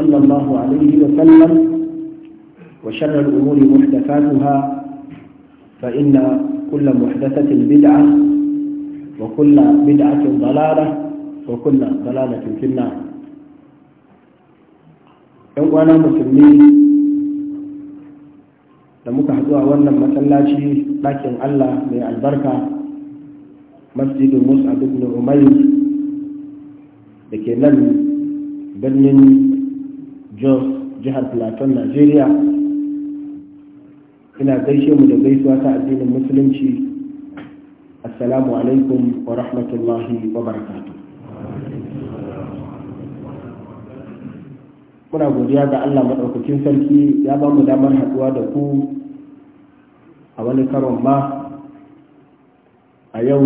صلى الله عليه وسلم وشر الأمور محدثاتها فإن كل محدثة بدعة وكل بدعة ضلالة وكل ضلالة في النار وانا مسلمين da muka haɗu a wannan masallaci ɗakin Allah mai albarka masjidin Musa ibn Umayr da ke nan birnin jos jihar platon nigeria ina gaishe mu da gaisuwa ta addinin musulunci assalamu alaikum wa rahmatullahi wa barakatu muna godiya ga allah maɗaukakin sarki ya ba mu damar haɗuwa da ku a wani karon ma a yau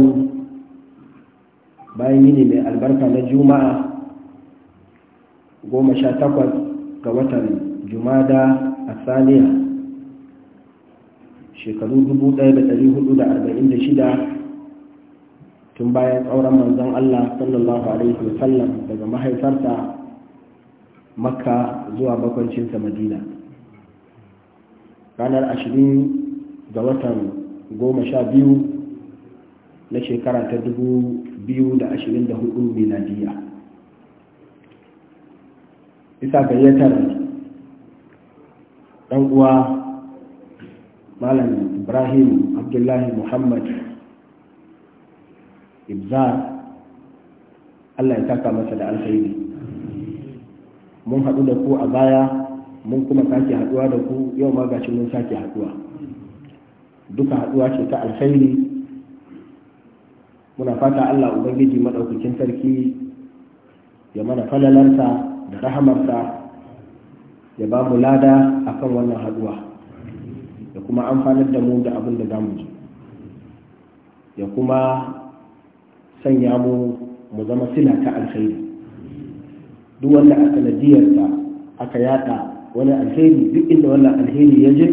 bayan yini mai albarka na juma'a goma sha takwas ga watan jumada a saniya shekaru 1446 tun bayan tsauran manzon Allah sallallahu alaihi wasallam daga mahaifarta makka zuwa bakwancinsa madina ranar ashirin ga watan goma sha biyu na shekara ta dubu biyu da ashirin Isa gayyatar ɗan uwa malam ibrahim abdullahi muhammad ibzar allah ya taka masa da alkhairi mun haɗu da ku a baya mun kuma sake haɗuwa da ku yau ma mun sake haɗuwa duka haɗuwa ce ta alkhairi muna fata allah ubangiji maɗaukakin sarki ya mana falalarsa da rahamarsa ya ba mu lada a kan wannan haduwa ya kuma amfanar da mu da abin da zamu ji ya kuma sanya mu mu zama sila ta alkhairi duk wanda aka nadiyarta aka yada wani alkhairi duk inda wannan alkhairi ya je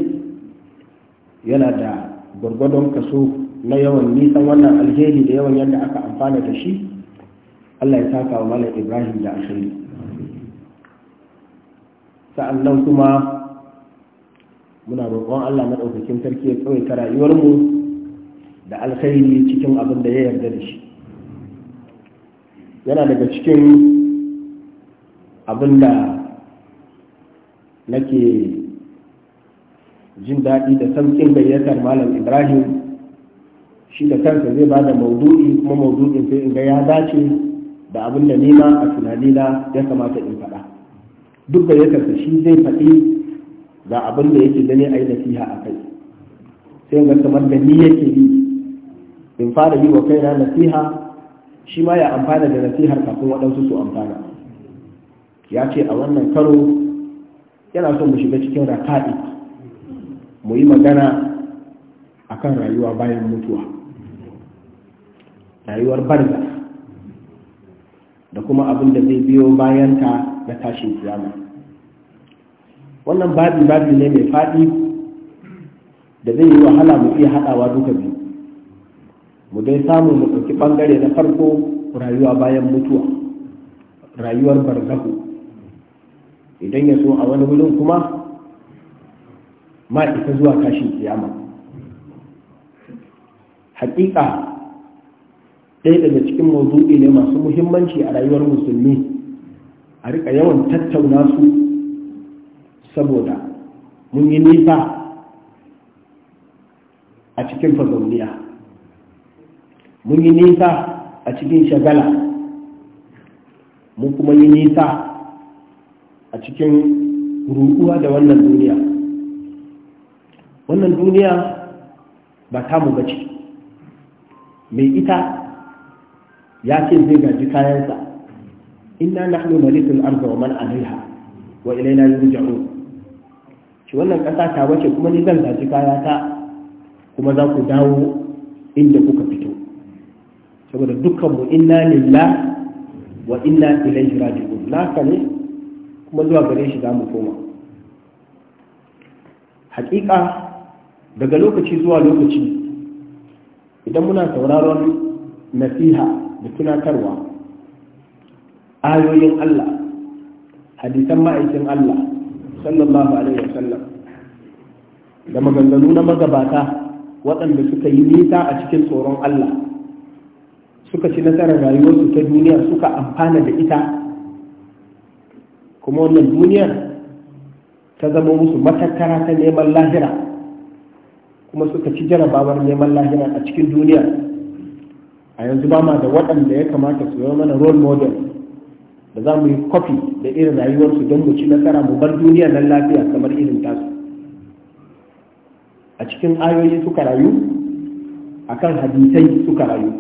yana da gwargwadon kaso na yawan nisan wannan alheri da yawan yadda aka amfana da shi Allah ya saka wa Malam Ibrahim da alheri sa'annan kuma muna roƙon Allah na ɗaukakin sarki ya ta rayuwarmu da alkhairi cikin abin da ya yarda da shi yana daga cikin abin da nake jin daɗi da samkin gayyatar malam ibrahim shi da kansa zai ba da maudu'i kuma maudu'in sai in ga ya dace da abin da nima a tunanina ya kamata in faɗa duk da yakarsa shi zai faɗi ga abin da yake gani a yi nasiha a kai sai ga kamar da ni yake yi in fara yi wa kaina nasiha shi ma ya amfana da nasihar kafin waɗansu su amfana ya ce a wannan karo yana son mu shiga cikin raka'i mu yi magana a kan rayuwa bayan mutuwa rayuwar barza da kuma abin da zai biyo bayan bayanta na tashin kiyama wannan babin babi ne mai faɗi da zai yi wahala mu iya haɗawa duka biyu mu dai samu mu ɗauki ɓangare na farko rayuwa bayan mutuwa rayuwar barzahu idan ya so a wani wurin kuma ma isa zuwa tashin kiyama hakika ɗaya daga cikin mazuɗi ne masu muhimmanci a rayuwar musulmi a rika yawan tattauna su saboda mun yi nisa a cikin fazauniya mun yi nisa a cikin shagala mun kuma yi nisa a cikin ruɗuwa da wannan duniya wannan duniya ba tamu ba ce mai ita ya ce zai gaji kayansa inna nahnu malikul ardi wa man alaiha wa ilaina yurja'un shi wannan ƙasa ta wace kuma ni zan zaci kaya ta kuma za ku dawo inda kuka fito saboda dukkan mu inna lillah wa inna ilaihi raji'un naka ne kuma zuwa gare shi za mu koma hakika daga lokaci zuwa lokaci idan muna sauraron nasiha da tunatarwa ayoyin Allah hadisan ma'aikin Allah sallallahu alaihi sallam da maganganu na magabata waɗanda suka yi nisa a cikin tsoron Allah suka ci nasarar rayuwarsu ta duniya suka amfana da ita kuma wannan duniya ta zama musu matattara ta neman lahira kuma suka ci jarabawar neman lahira a cikin duniya a yanzu ba ma da waɗanda ya kamata su yi mana role model da za mu yi kwafi da irin rayuwarsu don mu ci nasara mu bar duniya nan lafiya kamar irin tasu a cikin ayoyi suka rayu a kan hadisai suka rayu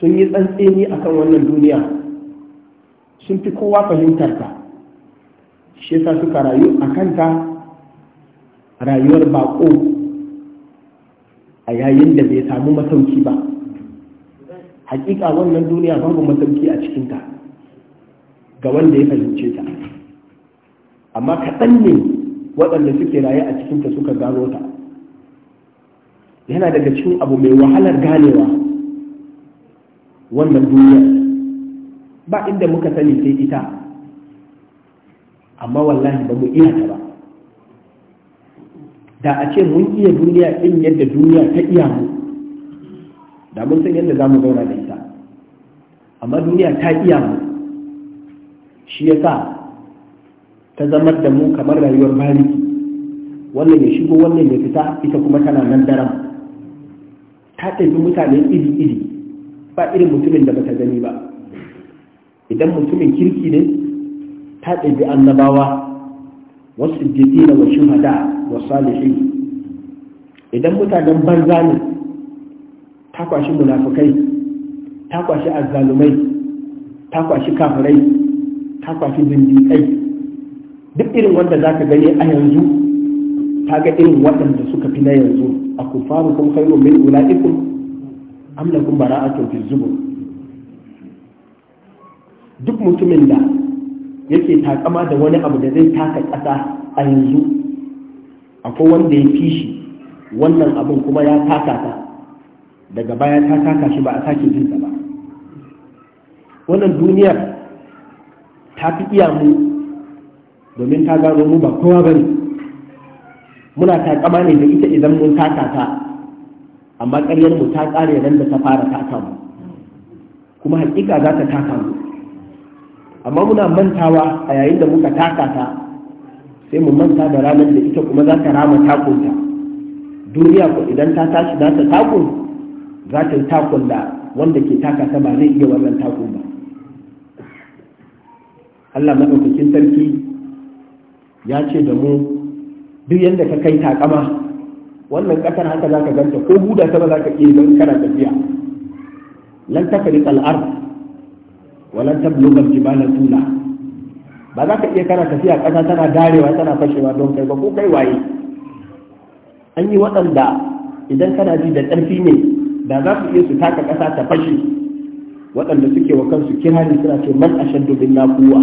sun yi tsantseni a kan wannan duniya sun fi kowa fahimtar ta shi yasa suka rayu a kanta rayuwar bako a yayin da bai samu masauki ba hakika wannan duniya babu masauki a cikinta ga wanda ya fahimce ta amma kaɗan ne waɗanda suke raye a cikinta suka gano ta yana daga cikin abu mai wahalar ganewa wannan duniya ba inda muka sani sai ita amma wallahi ba mu iya ta ba da a ce mun iya duniya in yadda duniya ta iya mu da mun san yadda za mu zauna da ita amma duniya ta iya mu shi ya sa ta zama da mu kamar rayuwar maliki wannan ya shigo wannan ya fita ita kuma tana nan daram ta tafi mutane iri iri ba irin mutumin da bata gani ba idan mutumin kirki ne ta tafi annabawa wasu jiki da wasu hada wa salihi idan mutanen banza ne ta kwashi munafukai ta kwashi azzalumai ta kwashi kafirai ta kwashi bindikai duk irin wanda za ka gani a yanzu ta ga irin waɗanda suka fi na yanzu a kufaru kuma khairu min ulaikum am lakum bara'atun fi zubur duk mutumin da yake takama da wani abu da zai taka ƙasa a yanzu akwai wanda ya fi shi wannan abun kuma ya taka ta daga baya ta taka shi ba a sake jinsa ba wannan duniyar ta fi iya mu domin ta gano mu ba kowa ba ne. muna takama ne da ita idan mun taka ta amma ƙaryar mu ta ƙare nan da ta fara taka mu kuma hakika za ta taka mu amma muna mantawa a yayin da muka taka ta sai mu manta da ranar da ita kuma za ta rama takunta duniya ko idan ta tashi za ta takun za ta yi takun da wanda ke taka ba zai iya wannan takun ba Allah maɗaukakin sarki ya ce da mu duk yadda ka kai takama wannan ƙasar haka za ka ganta ko buda ta ba za ka iya don kana tafiya lan ta kari tsal'ar walan ta blogar jibalar tula ba za ka iya kana tafiya ƙasa tana darewa tana fashewa don kai ba ko kai waye an yi waɗanda idan kana ji da ƙarfi ne da za su iya su taka ƙasa ta fashe waɗanda suke wa kansu kirari suna ce man ashaddu minna nakuwa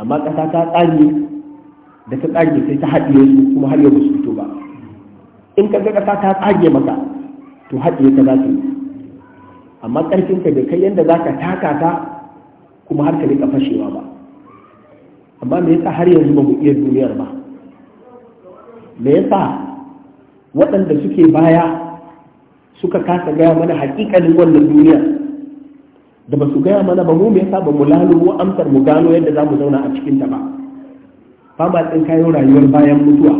amma ƙasa ta tsage da ta tsage sai ta haɗiye su kuma har yau ba su fito ba in ka ga ƙasa ta tsage maka to haɗiye ta za su yi amma ƙarfin ka bai kai yadda za ka taka ta kuma har ka rika fashewa ba amma me yasa har yanzu ba mu iya duniyar ba me yasa waɗanda suke baya suka kasa gaya mana haƙiƙanin wannan duniyar da ba su gaya mana ba mu me yasa ba mu lalubo amsar mu gano yadda za mu zauna a cikin ta ba fama din kayan rayuwar bayan mutuwa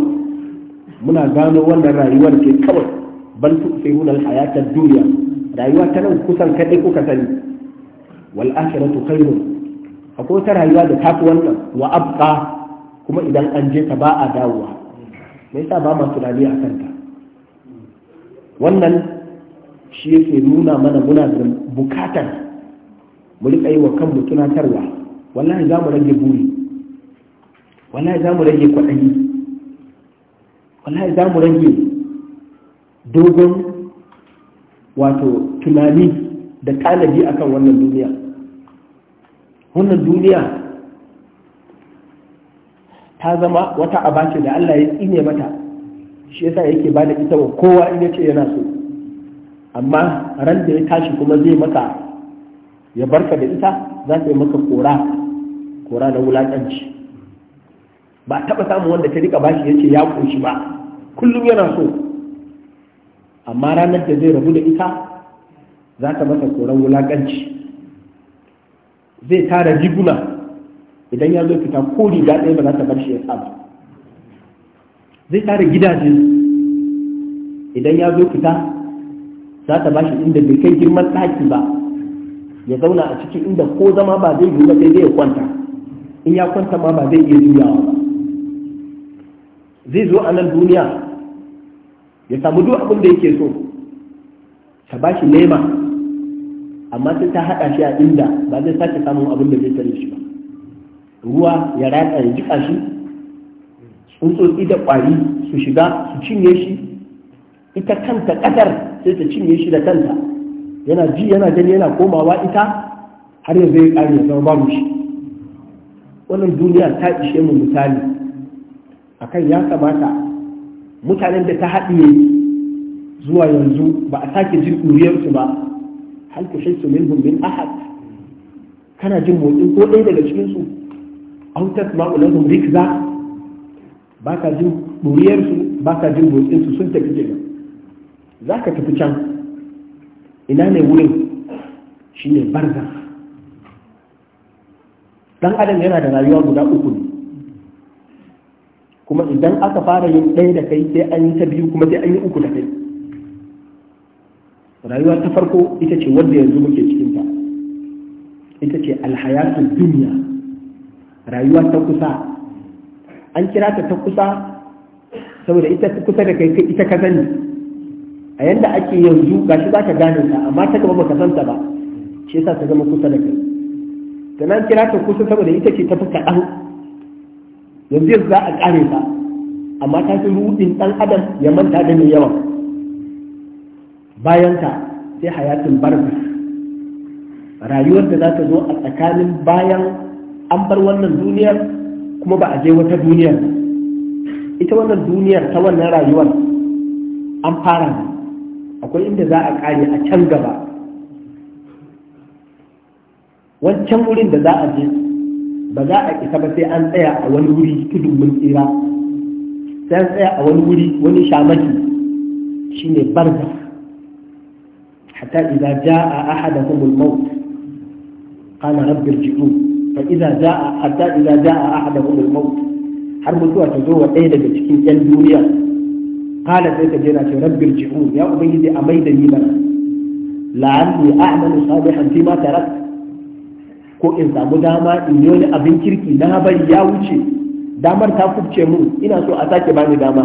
muna gano wannan rayuwar ke kawai bal tu'sirun al-hayatad dunya rayuwa ta nan kusan kadai kuka sani wal akhiratu khairun akwai wata rayuwa da tafi wannan wa abqa kuma idan an je ta ba a dawowa me yasa ba ma tunani a kanta wannan shi yake nuna mana muna da bukatar mu riƙa yi wa kanmu tunatarwa wallahi za mu rage buri wallahi za mu rage kwaɗayi wallahi za mu rage dogon wato tunani da talabi akan wannan duniya wannan duniya ta zama wata abace da Allah ya tsine mata shi yasa yake ba da ita wa kowa in yace yana so amma ran da ya tashi kuma zai maka ya barka da ita za ta yi maka kora kora na wulaƙanci ba a taɓa samun wanda ta rika bashi ya ce ya ƙunshi ba kullum yana so amma ranar da zai rabu da ita za ta masa koran wulaƙanci zai tara jiguna idan ya zo fita ko riga ɗaya ba za ta bar shi ya saba zai tara gidaje idan ya zo fita za ta ba shi inda bai kai girman ɗaki ba ya zauna a cikin inda ko zama ba zai yi sai zai kwanta in ya kwanta ma ba zai iya juyawa ba zai zo a nan duniya ya samu duk abin da yake so ta ba shi nema amma sai ta haɗa shi a inda ba zai sake samun abin da zai tare shi ba ruwa ya ratsa ya jika shi tsutsotsi da ƙwari su shiga su cinye shi ita kanta ƙasar sai ta cinye shi da kanta yana ji yana gani yana komawa ita har yanzu ya ƙare ya zama babu shi wannan duniya ta ishe mu misali akan ya kamata mutanen da ta haɗiye zuwa yanzu ba a sake jin ɗuriyarsu ba hal ku shaitu minhum min ahad kana jin motsin ko ɗaya daga cikin su aw tasma'u lahum rikza ba ka jin ɗuriyarsu ba ka jin motsinsu sun tafi jiya za ka tafi can ina ne wurin shi ne barza dan adam yana da rayuwa guda uku ne kuma idan aka fara yin ɗaya da kai sai an yi ta biyu kuma sai an yi uku da kai rayuwa ta farko ita ce wanda yanzu muke cikinta ita ce alhayatun duniya rayuwa ta kusa an kira ta ta kusa saboda ita kusa da kai ita ka sani a yanda ake yanzu ga shi za ka gane ta amma ta gaba baka ta ba shi yasa ta zama kusa da kai da nan kira ta kusa saboda ita ce ta fi kaɗan yanzu yanzu za a ƙare ta amma ta fi rudin ɗan adam ya manta da mai yawa bayan ta sai hayatin barbi rayuwar da za ta zo a tsakanin bayan an bar wannan duniyar kuma ba a je wata duniyar ita wannan duniyar ta wannan rayuwar an fara akwai inda za a kare a can gaba wancan wurin da za a je ba za a isa ba sai an tsaya a wani wuri tudun mun tsira sai an tsaya a wani wuri wani shamaki shine barza hatta idza jaa ahaduhum al-maut qala rabbi irji'u fa idza jaa hatta idza jaa ahaduhum al-maut har mutuwa ta zo wa ɗaya daga cikin 'yan duniya qala sai ka je na ce rabbil ji'un ya ubangiji a mai da ni bana la'alli a'malu salihan fi ma tarak ko in samu dama in yi wani abin kirki na bari ya wuce damar ta kubce mun ina so a sake bani dama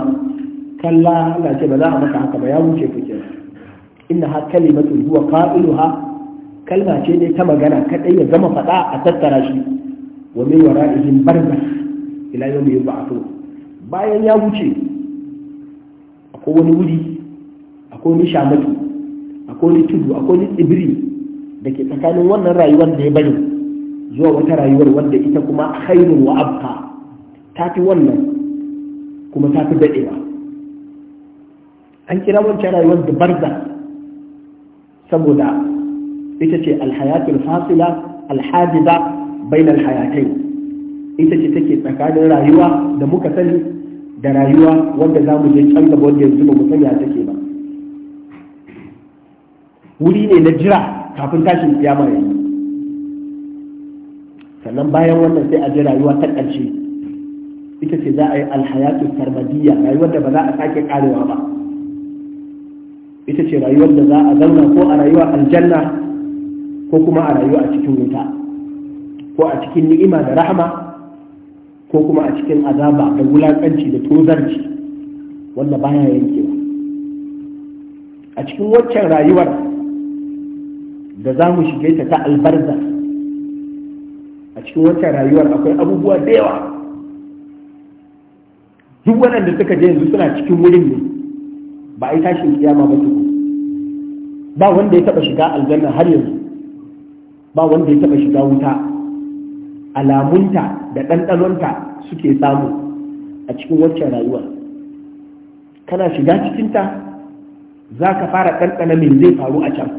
kalla na ce ba za a maka haka ba ya wuce ku kenan inna ha kalimatun huwa qailuha kalma ce ne ta magana kadai ya zama fada a tattara shi wa min wara'ihim barza ila yawmi yub'athu bayan ya wuce ko wani wuri akwai wani shamatu akwai wani tudu akwai wani tsibiri da ke tsakanin wannan rayuwar da ya bari zuwa wata rayuwar wanda ita kuma khairun wa abka ta fi wannan kuma ta fi daɗewa an kira wancan rayuwar da barza saboda ita ce alhayatul fasila alhadiza bainal hayatai ita ce take tsakanin rayuwa da muka sani da rayuwa wanda za mu je can gaba wanda yanzu ba mu sani a take ba wuri ne na jira kafin tashin kiyama sannan bayan wannan sai a je rayuwa ta ƙarshe ita ce za a yi alhayatu sarmadiyya rayuwar da ba za a sake karewa ba ita ce rayuwar da za a zauna ko a rayuwa aljanna ko kuma a rayuwa a cikin wuta ko a cikin ni'ima da rahama ko kuma a cikin azaba da wulakanci da tozarci wanda baya yankewa a cikin waccan rayuwar da za mu shige ta ta albarza a cikin waccan rayuwar akwai abubuwa da yawa duk waɗanda suka je yanzu suna cikin wurin ne ba a yi tashin kiyama ba tuku ba wanda ya taɓa shiga aljanna har yanzu ba wanda ya taɓa shiga wuta alamunta da ɗanɗanonta suke samu a cikin waccan rayuwa kana shiga cikinta za ka fara ɗanɗana min zai faru a can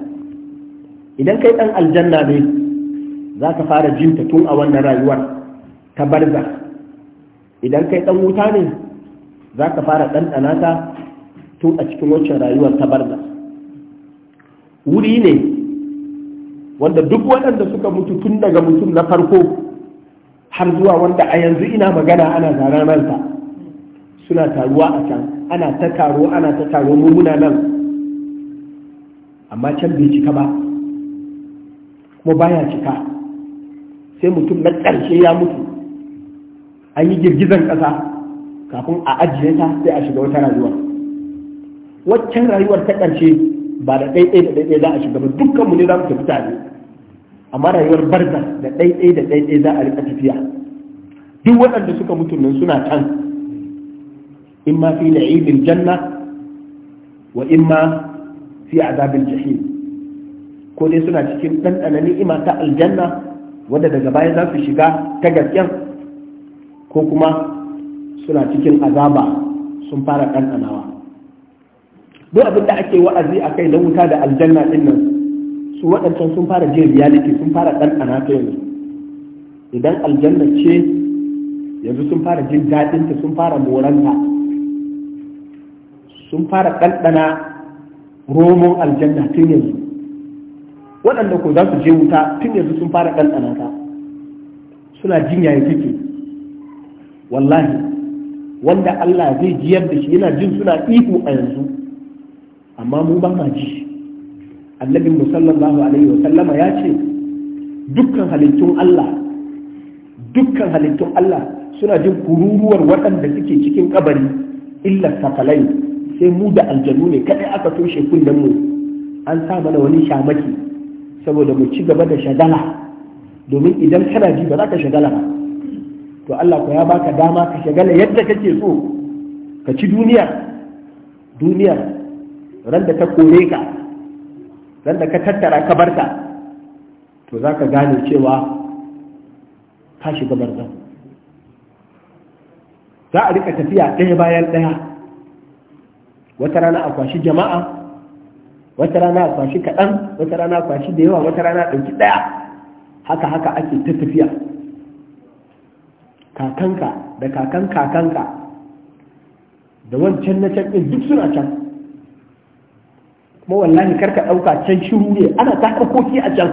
idan kai ɗan aljanna ne za ka fara jinta tun a wannan rayuwar ta barza idan kai ɗan wuta ne za ka fara ɗanɗana ta tun a cikin waccan rayuwar ta barza wuri ne wanda duk waɗanda suka mutu tun daga mutum na farko har zuwa wanda a yanzu ina magana ana zaren ranta suna taruwa a can ana ta taro ana ta taro mummuna nan amma can bai cika ba kuma baya cika sai mutum na ƙarshe ya mutu an yi girgizan ƙasa kafin a ajiye ta sai a shiga wata rayuwa waccan rayuwar ta ƙarshe ba da ɗaiɗai da ɗaiɗai za a shiga ba dukkanmu ne za mu tafi tare amma rayuwar barza da ɗaiɗai da ɗaiɗai za a riƙa tafiya duk waɗanda suka mutu nan suna can in ma fi na'imil janna wa in ma fi azabin jahim ko dai suna cikin ɗanɗana ni'ima ta aljanna wanda daga baya za su shiga ta gasken ko kuma suna cikin azaba sun fara ɗanɗanawa duk abin da ake wa'azi a kai na wuta da aljanna ɗin nan su waɗancan sun fara jin reality sun fara ɗanɗana ta yanzu idan aljanna ce yanzu sun fara jin daɗinta sun fara moranta sun fara ɗanɗana romon aljanna tun yanzu waɗanda ko za su je wuta tun yanzu sun fara ɗanɗana ta suna jin yayi take wallahi wanda Allah zai jiyar da shi yana jin suna ihu a yanzu amma mu ba ma ji annabin musallallahu alaihi wasallama ya ce dukkan halittun Allah dukkan halittun Allah suna jin kururuwar waɗanda suke cikin kabari illa sakalai sai mu da aljanu ne kadai aka toshe kunnen mu an sa mana wani shamaki saboda mu ci gaba da shagala domin idan kana ji ba za ka shagala ba to Allah ko ya baka dama ka shagala yadda kake so ka ci duniya duniya ran da ta kore ka dan da ka tattara ka barta to za ka gane cewa ka shiga barzan za a rika tafiya ɗaya bayan ɗaya wata rana a kwashi jama'a wata rana a kwashi kaɗan wata rana a kwashi da yawa wata rana a ɗauki ɗaya haka haka ake ta tafiya kakanka da kakan kakanka da wancan na can duk suna can kuma wallahi karka ɗauka can shiru ne ana ta harkoki a can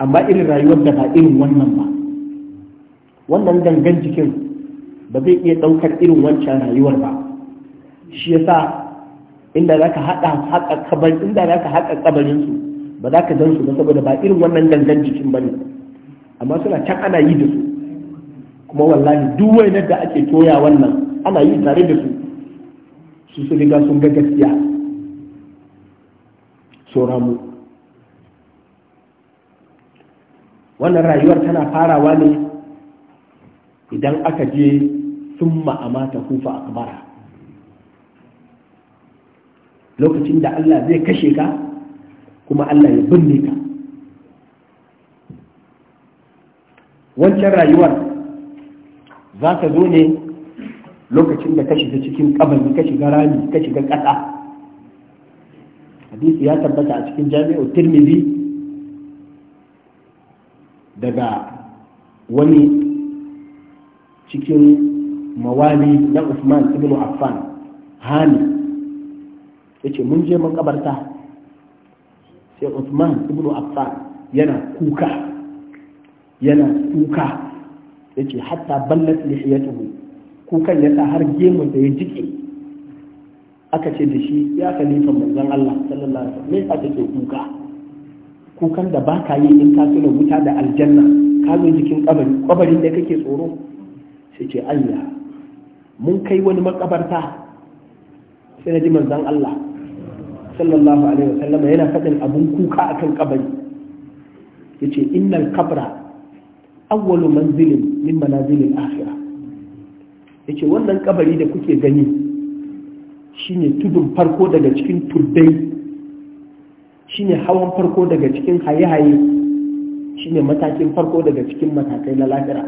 amma irin rayuwar da ba irin wannan ba wannan gangan jikin ba zai iya ɗaukar irin wancan rayuwar ba shi yasa inda za ka haɗa kabarin inda za ka haɗa kabarin su ba za ka zan su ba saboda ba irin wannan gangan jikin ba ne amma suna can ana yi da su kuma wallahi duk wainar da ake toya wannan ana yi tare da su su su riga sun ga gaskiya mu wannan rayuwar tana farawa ne idan aka je sun ta kufa kamara lokacin da Allah zai kashe ka kuma Allah ya binne ka wancan rayuwar za ta zo ne lokacin da ka shiga cikin ƙabari ka shiga rami ka shiga ƙasa hadisi ya tabbata a cikin jami'u tirmidhi daga wani cikin mawali na usman ibn affan hani yace mun je mun kabarta sai usman ibn affan yana kuka yana kuka yace hatta ballat lihiyatuhu kukan yasa har gemun da ya jike aka ce da shi ya khalifan manzon Allah sallallahu alaihi wasallam me yasa kake kuka kukan da ba ka yi in ka tuna wuta da aljanna ka zo jikin kabari kabarin da kake tsoro sai ce ayya mun kai wani makabarta sai na ji manzon Allah sallallahu alaihi wasallam yana fadin abun kuka akan kabari yace innal kabra awwalu manzilin min manazilil akhirah yace wannan kabari da kuke gani shine tudun farko daga cikin tuddai shine hawan farko daga cikin haye-haye shine matakin farko daga cikin matakai na lafira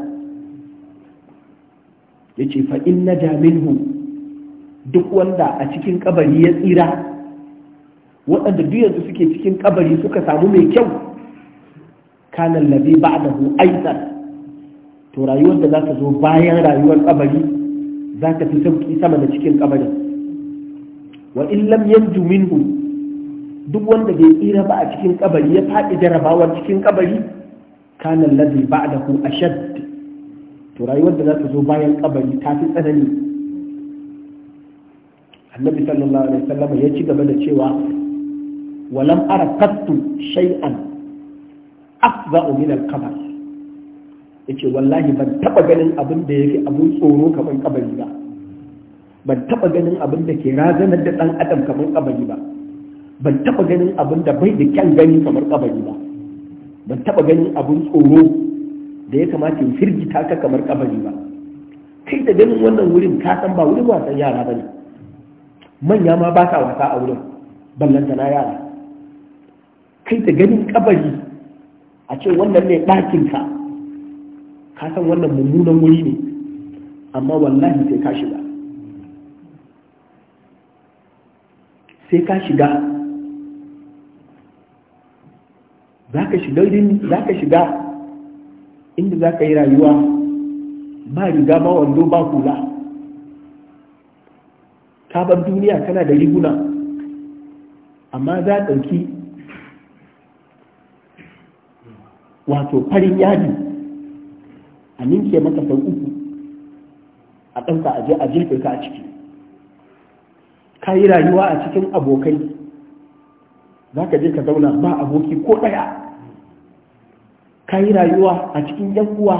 ya ce fa'in na Jaminu duk wanda a cikin kabari ya tsira waɗanda duk yanzu suke cikin kabari suka samu mai kyau kanan labe ba da hu aizar to rayuwar da za ta zo bayan rayuwar kabari za ta fi sauki sama da cikin kabarin wa in yanju minhu duk wanda bai tsira ba a cikin kabari ya faɗi jarabawar cikin kabari kana ladhi ba'dahu ashad to rayuwar da za ta zo bayan kabari ta fi tsanani annabi sallallahu alaihi wasallam ya ci gaba da cewa walam ara qattu shay'an afza'u min al-qabr yace wallahi ban taba ganin abin da yake abun tsoro kamar kabari ba ban taba ganin abin da ke razanar da dan adam kamar kabari ba ban taba ganin abin da bai da kyan gani kamar kabari ba ban taba ganin abin tsoro da ya kamata ya firgita ka kamar kabari ba kai da ganin wannan wurin ka san ba wurin wasan yara ba ne manya ma ba sa wasa a wurin ballanta na yara kai da ganin kabari a ce wannan ne ka ka san wannan mummunan wuri ne amma wallahi sai ka shiga sai ka shiga za ka shiga za ka shiga inda za ka yi rayuwa ba riga ba wando ba hula ka bar duniya kana da riguna amma za ɗauki wato farin yadi a ninke maka sau uku a ɗauka a je a jefe ka a ciki ka yi rayuwa a cikin abokai za ka je ka zauna ba aboki ko ɗaya ka yi rayuwa a cikin yan uwa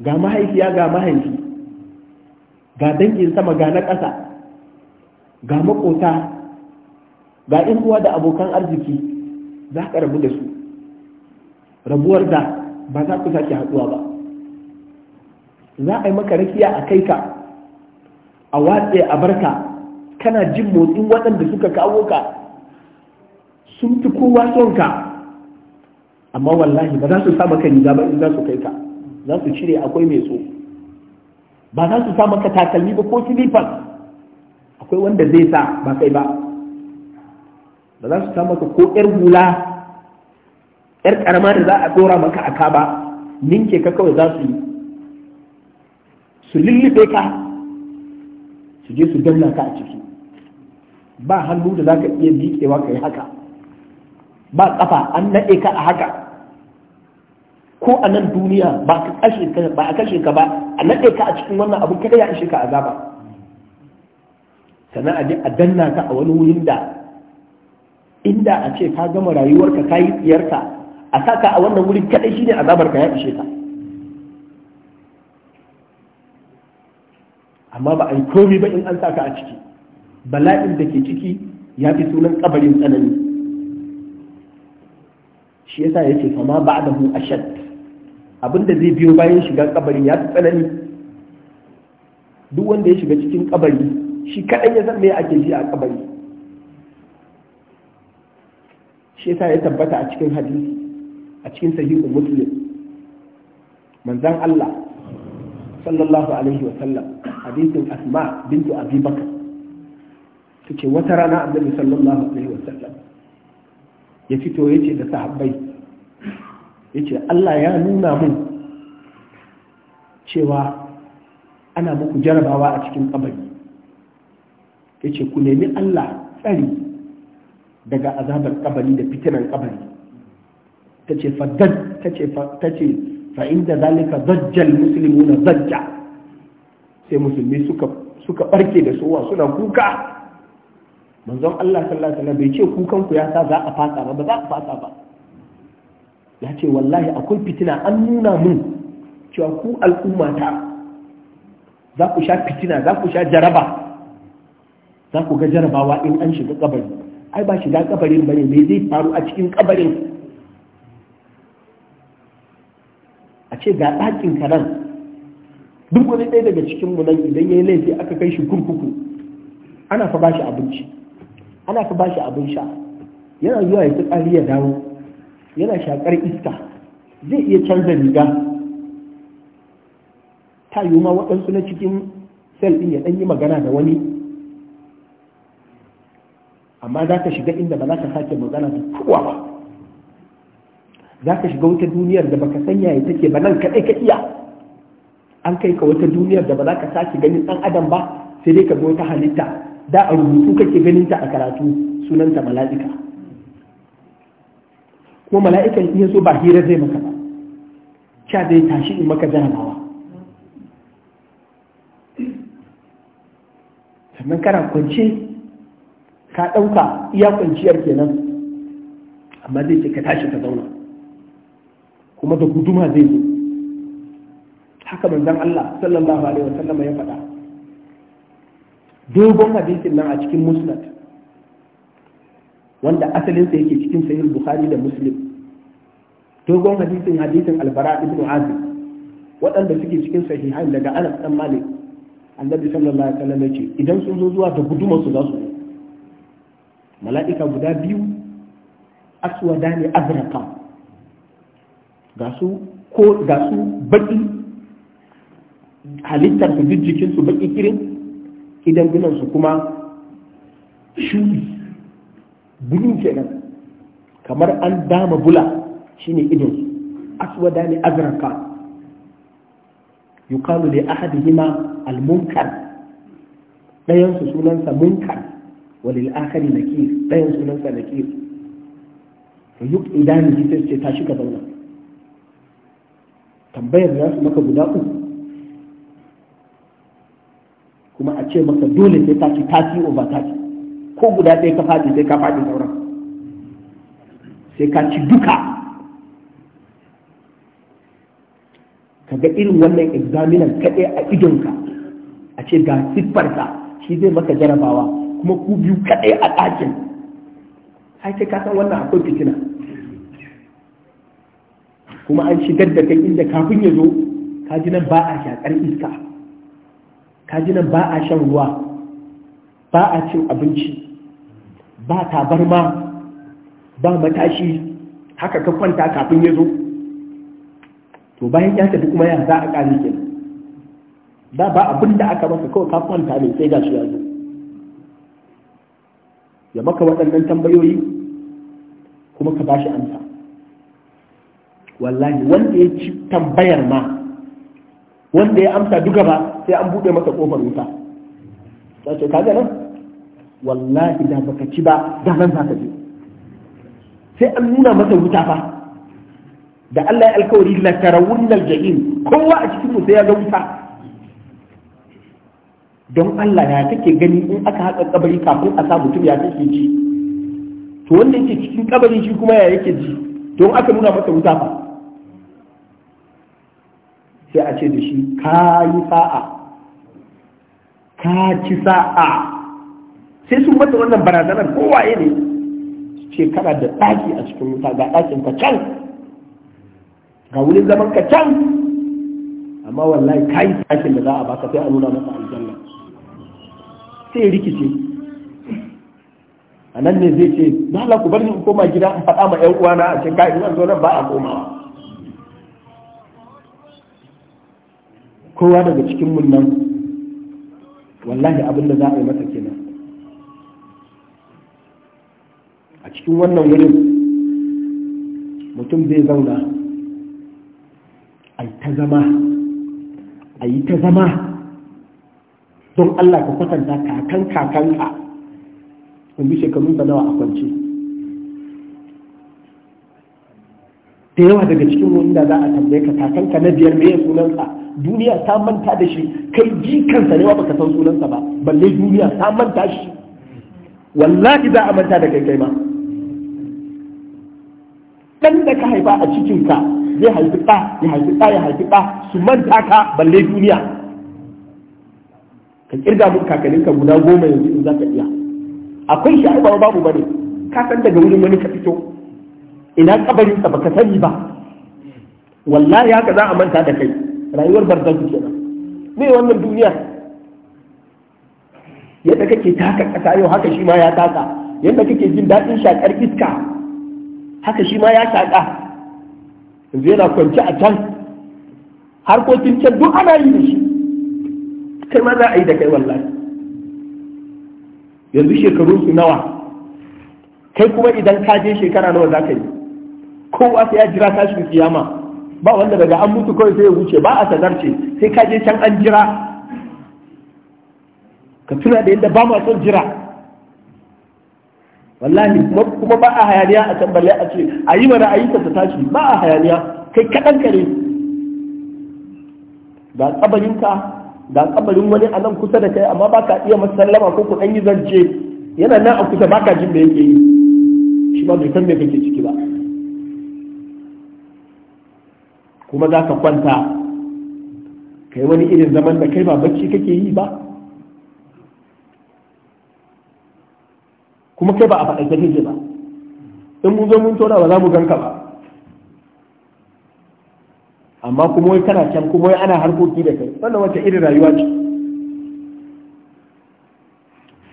ga mahaifiya ga mahaifi ga dangin sama ga na ƙasa ga makota ga yan uwa da abokan arziki za ka rabu da su rabuwar da ba za ku sake haɗuwa ba za a yi maka rakiya a kai ka a watse a barka kana jin motsin waɗanda suka kawo ka sun fi kowa son ka amma wallahi ba za su sa maka riga ba in za su kai ka za su cire akwai mai so ba za su sa maka takalmi ba ko silifan akwai wanda zai sa ba kai ba ba za su sa maka ko ƴar hula ƴar karama da za a dora maka a ka ba ninke ka kawai za su yi su lullube ka su je su danna ka a ciki ba hannu da za ka iya miƙewa yi haka ba kafa an naɗe ka a haka ko a nan duniya ba a kashe ka ba a naɗe ka a cikin wannan abu kada ya ishe ka azaba sannan a je a danna ka a wani wurin da inda a ce ka gama rayuwarka ka yi tsiyarka a sa ka a wannan wurin kaɗai shine azabar ka ya ishe ka amma ba a yi komi ba in an sa ka a ciki bala'in da ke ciki ya fi sunan kabarin tsanani shi yasa ya ce fama ba da hu ashad da zai biyo bayan shiga kabari ya fi tsanani duk wanda ya shiga cikin kabari shi kaɗan ya zama me ake ji a kabari shi yasa ya tabbata a cikin hadisi a cikin sahihu muslim manzan Allah sallallahu alaihi wa sallam hadisin asma bintu abi ta ce wata rana annabi sallallahu alaihi wasallam ya fito ya ce da sahabbai ya ce allah ya nuna mun cewa ana muku jarabawa a cikin ƙabari ya ce ku nemi allah tsari daga azabar ƙabari da fitinan ƙabari ta ce fa inda zalika zajjal muslimuna zajja sai musulmi suka suka barke da suwa suna kuka manzon Allah sallallahu alaihi wasallam bai ce kukan ku ya sa za a fasa ba ba za a fasa ba ya ce wallahi akwai fitina an nuna mun cewa ku al'umma ta za ku sha fitina za ku sha jaraba za ku ga jarabawa in an shiga kabari ai ba shiga kabarin bane me zai faru a cikin kabarin a ce ga ɗakin ka nan duk wani ɗaya daga cikin mu nan idan yayi laifi aka kai shi kurkuku ana fa bashi abinci ana fa bashi abin sha yana zuwa ya tsari ya dawo yana shakar iska zai iya canza riga ta yi ma waɗansu na cikin sel ɗin ya ɗan yi magana da wani amma za ka shiga inda ba za ka sake magana da kowa ba za ka shiga wata duniyar da baka sanya ya take ba nan kaɗai ka iya an kai ka wata duniyar da ba za ka sake ganin ɗan adam ba sai dai ka ga wata halitta da a rubutu kake ganin ta a karatu sunanta mala'ika kuma mala'ikan in so ba hira zai maka ba cha zai tashi in maka jarabawa sannan kana kwance ka ɗauka iya kwanciyar kenan amma zai ce ka tashi ka zauna kuma da guduma zai zo haka manzon Allah sallallahu alaihi wa sallam ya faɗa dogon hadisin nan a cikin musnad wanda asalinsa yake cikin sahih bukhari da muslim dogon hadisin hadisin albara ibn azib waɗanda suke cikin sahihan daga anas dan malik annabi sallallahu alaihi wasallam yace idan sun zo zuwa da gudumar su za su mala'ika guda biyu aswada ne azraka ga su ko ga su baki halittar su duk jikin su baki kirin idan su kuma shuri bulu kenan kamar an dama bula shine idan su aswada ne azraka yuqalu li ahadihima al-munkar dayan su sunansa munkar walil akhari nakir dayan sunansa nakir yuk idan ji sai ce tashi ka zauna tambayar da su maka guda uku kuma a ce maka dole sai ta ci tati over tati ko guda ɗaya ka faɗi sai ka faɗi sauran sai ka ci duka ka ga irin wannan examinan kaɗai a idonka a ce ga siffarka shi zai maka jarabawa kuma ku biyu kaɗai a ɗakin ai sai ka san wannan akwai fitina kuma an shigar da kai inda kafin ya zo ka ji nan ba a shakar iska kaji nan ba a shan ruwa ba a cin abinci ba tabarma ba matashi haka ka kwanta kafin ya zo to bayan ya tafi kuma ya za a ƙari ke da ba abin da aka masa kawai ka kwanta ne sai shi ya zo ya maka waɗannan tambayoyi kuma ka bashi amsa wallahi wanda ya ci tambayar ma wanda ya amsa duka ba sai an buɗe masa ƙofar wuta ta ce kaga nan wallahi da baka ci ba da nan za ka je sai an nuna masa wuta fa da Allah ya alkawari la tarawunna al-jahim kowa a cikin mu sai ya ga wuta don Allah ya take gani in aka haka kabari kafin a sa mutum ya take ji to wanda yake cikin kabari shi kuma ya yake ji to aka nuna masa wuta fa sai a ce da shi ka yi fa'a ta ci sa'a sai sun mata wannan barazanar kowaye ne ce kana da ɗaki a cikin wuta ga ɗakin ka can ga wurin zaman ka can amma wallahi ka yi ɗakin da za a baka sai a nuna masa aljanna sai rikice a nan ne zai ce na ku bar ni in koma gida in faɗa ma 'yan uwana a cikin ka'in an zo nan ba a komawa kowa daga cikin mun nan wallahi abin da za a yi masa kenan a cikin wannan wurin mutum zai zauna a yi ta zama a yi ta zama don Allah ka kwatanta kakan kakanka bi da nawa a kwance da yawa daga cikin wanda za a tambaye ka ka na biyar mai sunansa duniya ta manta da shi kai ji kansa ne ba baka san sunansa ba balle duniya ta manta shi wallahi za a manta da kai kai ma dan da ka haifa a cikinka zai haifi ɗa ya haifi ɗa ya haifi ɗa su manta ka balle duniya ka kirga mun ka guda goma yanzu in za ka iya akwai shi ai ba babu bane ka san daga wurin wani ka fito ina ka baka sani ba wallahi haka za a manta da kai rayuwar barzaku kenan me wannan duniya yadda kake taka ƙasa yau haka shi ma ya taka yadda kake jin daɗin shaƙar iska haka shi ma ya shaƙa yanzu yana kwance a can harkokin can duk ana yi da shi kai ma za a yi da kai wallahi yanzu shekaru su nawa kai kuma idan ka je shekara nawa za ka yi kowa sai ya jira tashin kiyama ba wanda daga an mutu kawai sai ya wuce ba a sanarce sai ka je can an jira ka tuna da yadda ba masu jira wallahi kuma ba a hayaniya a can balle a ce a yi mana ayyuka ta tashi ba a hayaniya kai kaɗan kare ga tsabarinka ga tsabarin wani a nan kusa da kai amma ba ka iya masallama ko ku ɗan yi zance yana nan a kusa ba ka jin da yake yi shi ba bai san me kake ciki ba kuma za ka kwanta kai wani irin zaman da kai ba bacci kake yi ba kuma kai ba a faɗaƙe kake ba in mun zo mun tona ba za mu ganka ba amma kuma wai kana can kuma wai ana harkoki da kai wannan wata irin rayuwa ce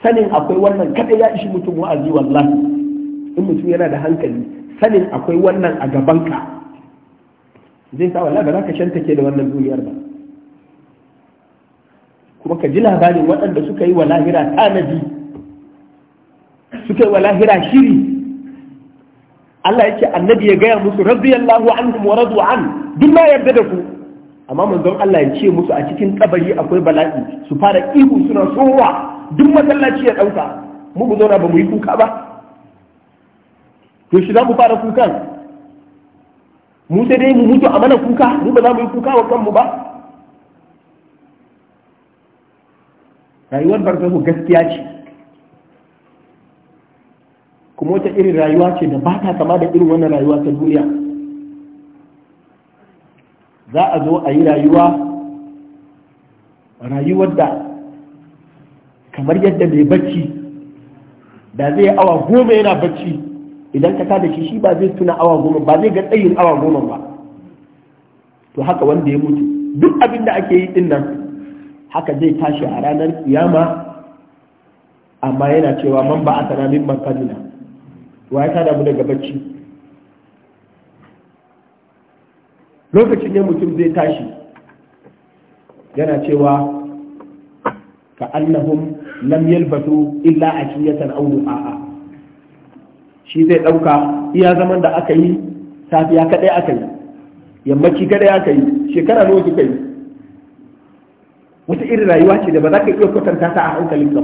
sanin akwai wannan kada ya ishi mutum wa'azi wallahi in mutum yana da hankali sanin akwai wannan a gabanka zai sa wallahi ba za ka shanta ke da wannan duniyar ba kuma ka ji labarin waɗanda suka yi wa lahira tanadi suka yi wa lahira shiri Allah yake annabi ya gaya musu radiyallahu anhum wa radu an duk ma yarda da ku amma manzon Allah ya ce musu a cikin kabari akwai bala'i su fara ihu suna tsowa duk masallaci ya dauka mu mu zauna ba mu yi kuka ba to shi za mu fara kukan mu sai dai mu mutu a mana kuka mu ba za mu yi kuka wa kanmu ba rayuwar barzahu gaskiya ce kuma wata irin rayuwa ce da ba ta kama da irin wannan rayuwa ta duniya za a zo a yi rayuwa rayuwar da kamar yadda mai bacci da zai awa goma yana bacci idan ka kada shi shi ba zai tuna awa goma ba zai ga tsayin awa goma ba to haka wanda ya mutu duk abin da ake yi dinnan nan haka zai tashi a ranar kiyama amma yana cewa man ba a sana min man kadina wa ya tada mu daga bacci lokacin ne mutum zai tashi yana cewa ka annahum lam yalbatu illa a ashiyatan aw A'a. shi zai ɗauka iya zaman da aka yi safiya kaɗai aka yi yammaci kaɗai aka yi shekara nawa kika yi wata irin rayuwa ce da ba za ka iya kwatanta ta a hankalin ba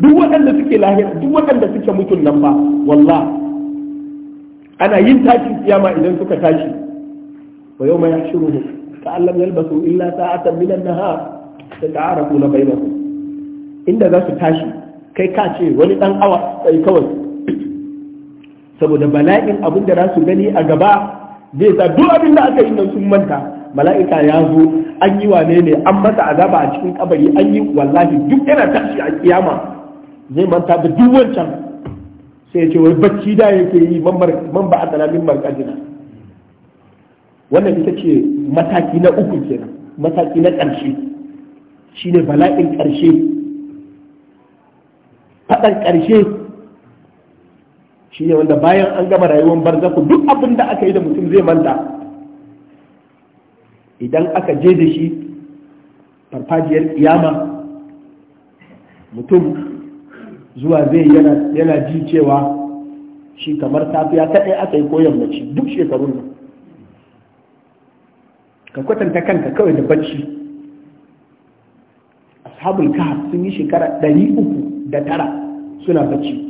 duk waɗanda suke lahira duk waɗanda suke mutun nan ba wallah ana yin tashin kiyama idan suka tashi wa yau mai hashiruhu ta'allam yalbasu illa sa'atan min an-nahar tata'arafu na bainakum inda za su tashi kai ka ce wani dan awa sai kawai saboda bala'in abin da za su gani a gaba zai sa duk abin da aka yi nan sun manta mala'ika ya zo an yi wane ne an masa azaba a cikin kabari an yi wallahi duk yana tashi a kiyama zai manta da duk wancan sai ya ce wai bacci da yake yi man ba a tsananin markajina wannan ita ce mataki na uku kenan mataki na ƙarshe shine bala'in ƙarshe faɗan ƙarshe shi ne wanda bayan an gama rayuwar barzaku duk abin da aka yi da mutum zai manta idan aka je da shi farfajiyar kiyama mutum zuwa zai yana ji cewa shi kamar safiya kaɗai aka yi koyon mace duk shekarun nan ka kwatanta kanka kawai da bacci ashabul kahf sun yi shekara ɗari uku da tara suna bacci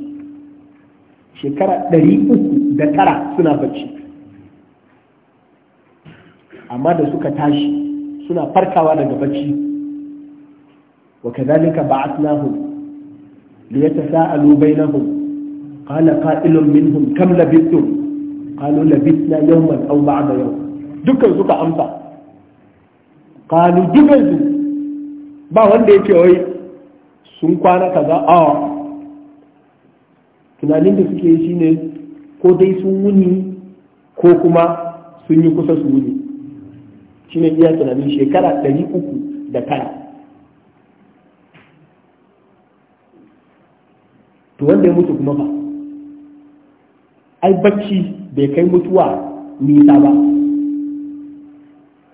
shekara ɗari uku da tara suna bacci amma da suka tashi suna farkawa daga bacci wa kazalika ba'atnahum ليتساءلوا بينهم قال قائل منهم كم لبثتم قالوا لبثنا يوما او da yau. dukkan suka amsa qalu dukansu ba wanda yake wai sun kwana kaza a tunanin da suke shi ne ko dai sun wuni ko kuma sun yi kusa su wuni shi ne iya tunanin shekara ɗari uku da tara to wanda ya mutu kuma ba ai bacci bai kai mutuwa nisa ba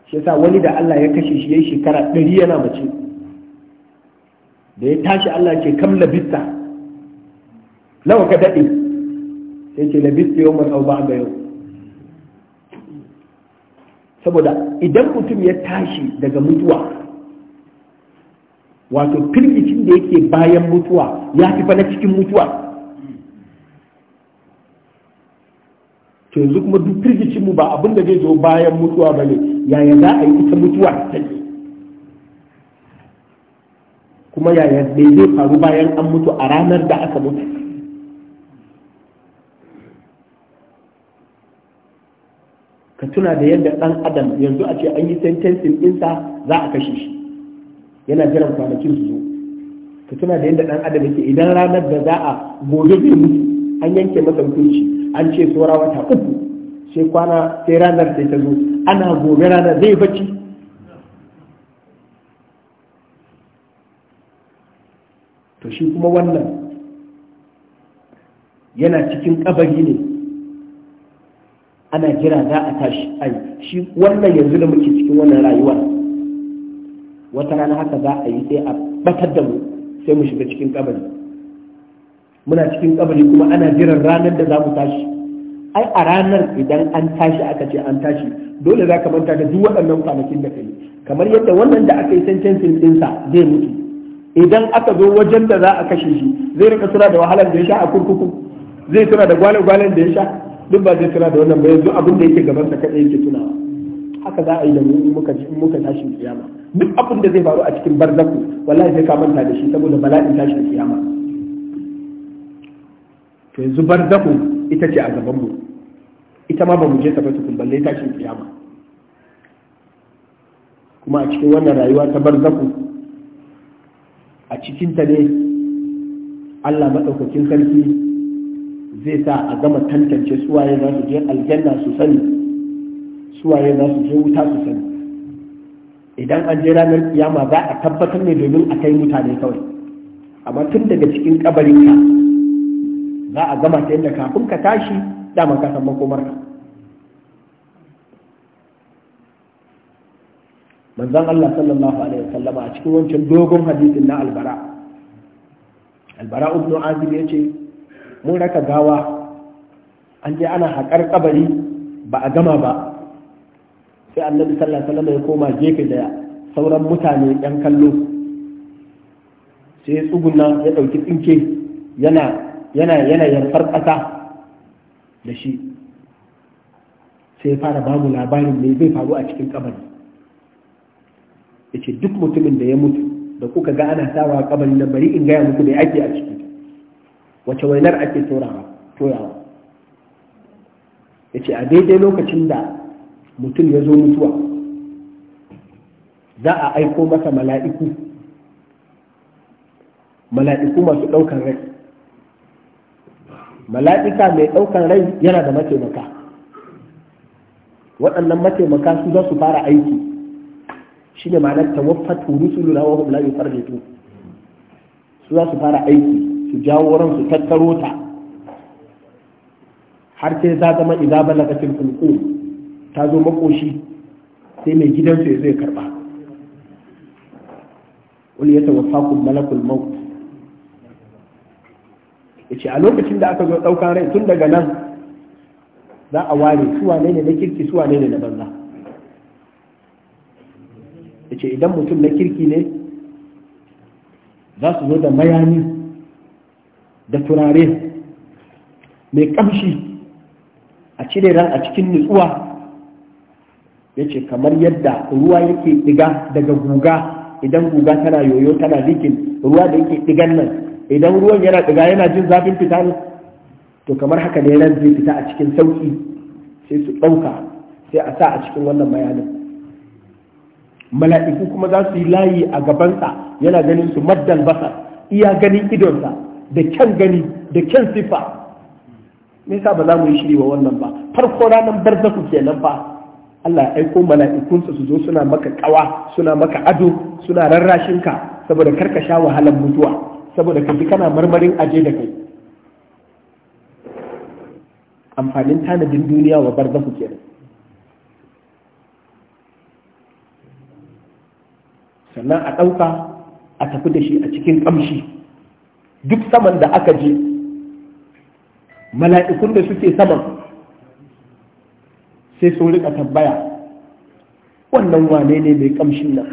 shi yasa wani da Allah ya kashe shi yi shekara ɗari yana mace da ya tashi Allah ke kam labista nawa ka daɗe sai ce labistu yau mai Auba ga yau saboda idan mutum ya tashi daga mutuwa wato firgicin da yake bayan mutuwa ya fi na cikin mutuwa to yanzu kuma duk firgicin mu ba abin da zai zo bayan mutuwa ba ne yaya za a yi ita mutuwa ta kuma yaya ne zai faru bayan an mutu a ranar da aka mutu ka tuna da yadda ɗan adam yanzu a ce an yi sentencing ɗinsa za a kashe shi yana jiran kwanakin su zo ka tuna da yadda ɗan adam yake idan ranar da za a gobe zai mutu an yanke masa hukunci an ce saura wata uku sai kwana sai ranar sai ta zo ana gobe ranar zai bacci to shi kuma wannan yana cikin kabari ne ana jira za a tashi yi. shi wannan yanzu da muke cikin wannan rayuwar wata rana haka za a yi sai a batar da mu sai mu shiga cikin kabari muna cikin kabari kuma ana jiran ranar da za mu tashi ai a ranar idan an tashi aka ce an tashi dole za ka manta da duk waɗannan kwanakin da kai kamar yadda wannan da aka yi sentencing ɗinsa zai mutu idan aka zo wajen da za a kashe shi zai rika suna da wahalar da ya sha a kurkuku zai suna da gwale-gwalen da ya sha duk ba zai tuna da wannan ba yanzu abin da yake gaban sa kadai yake tunawa haka za a yi da mu muka muka tashi kiyama duk abin da zai faru a cikin barzaku wallahi zai ka manta da shi saboda bala'in tashin kiyama to yanzu barzaku ita ce a gaban mu ita ma ba mu je ta ba tukun balle tashin kiyama kuma a cikin wannan rayuwa ta barzaku a cikin ta ne Allah madaukakin sarki zai sa a gama tantance suwaye za su je aljanna su sani suwaye za su je wuta su sani idan an je ranar kiyama za a tabbatar ne domin a kai mutane kawai amma tun daga cikin kabarinka za a gama ta yadda kafin ka tashi dama ka san makomarka manzon Allah sallallahu alaihi wasallama a cikin wancan dogon hadisin na albara albara ibn azib yace mun raka gawa an je ana haƙar kabari ba a gama ba sai annabi sallallahu alaihi wasallam ya koma gefe da sauran mutane yan kallo sai tsuguna ya ɗauki tsinke yana yana yana yarfar da shi sai ya fara bamu labarin mai zai faru a cikin kabari yace duk mutumin da ya mutu da kuka ga ana sawa ƙabari na bari in gaya muku da ake a ciki wace wainar ake torawa toyawa ya ce a daidai lokacin da mutum ya zo mutuwa za a aiko masa mala'iku mala'iku masu ɗaukar rai mala'ika mai ɗaukar rai yana da mataimaka waɗannan mataimaka su za su fara aiki shi ne ma'anar tawaffatu rusuluna wa hum la yufarritu su za su fara aiki su jawo ran su tattaro ta har sai za zama idza balagatil kulku ta zo makoshi sai mai gidansu ya zai karba wani ya tawaffakum malakul maut yace a lokacin da aka zo ɗaukar rai tun daga nan za a ware suwa ne ne na kirki suwa ne ne na banza yace idan mutum na kirki ne za su zo da mayani da turare mai ƙamshi a cire ran a cikin nutsuwa ya ce kamar yadda ruwa yake ɗiga daga guga idan guga tana yoyo tana likin ruwa da yake digan nan idan ruwan yana ɗiga yana jin zafin fita ne to kamar haka ne ran zai fita a cikin sauki sai su ɗauka sai a sa a cikin wannan bayanin mala'iku kuma za su yi layi a gabansa yana ganin su maddan basa iya ganin idonsa da kyan gani da kyan siffa me yasa ba za mu yi shiri wa wannan ba farko ranar barzaku kenan ba Allah ya aiko mala'ikunsa su zo suna maka kawa suna maka ado suna rarrashin ka saboda karka sha wahalar mutuwa saboda ka ji kana marmarin aje da kai amfanin tanadin duniya wa barzaku kenan sannan a ɗauka a tafi da shi a cikin ƙamshi duk saman da aka je mala'ikun da suke saman sai sun rika tambaya wannan wane ne mai kamshin nan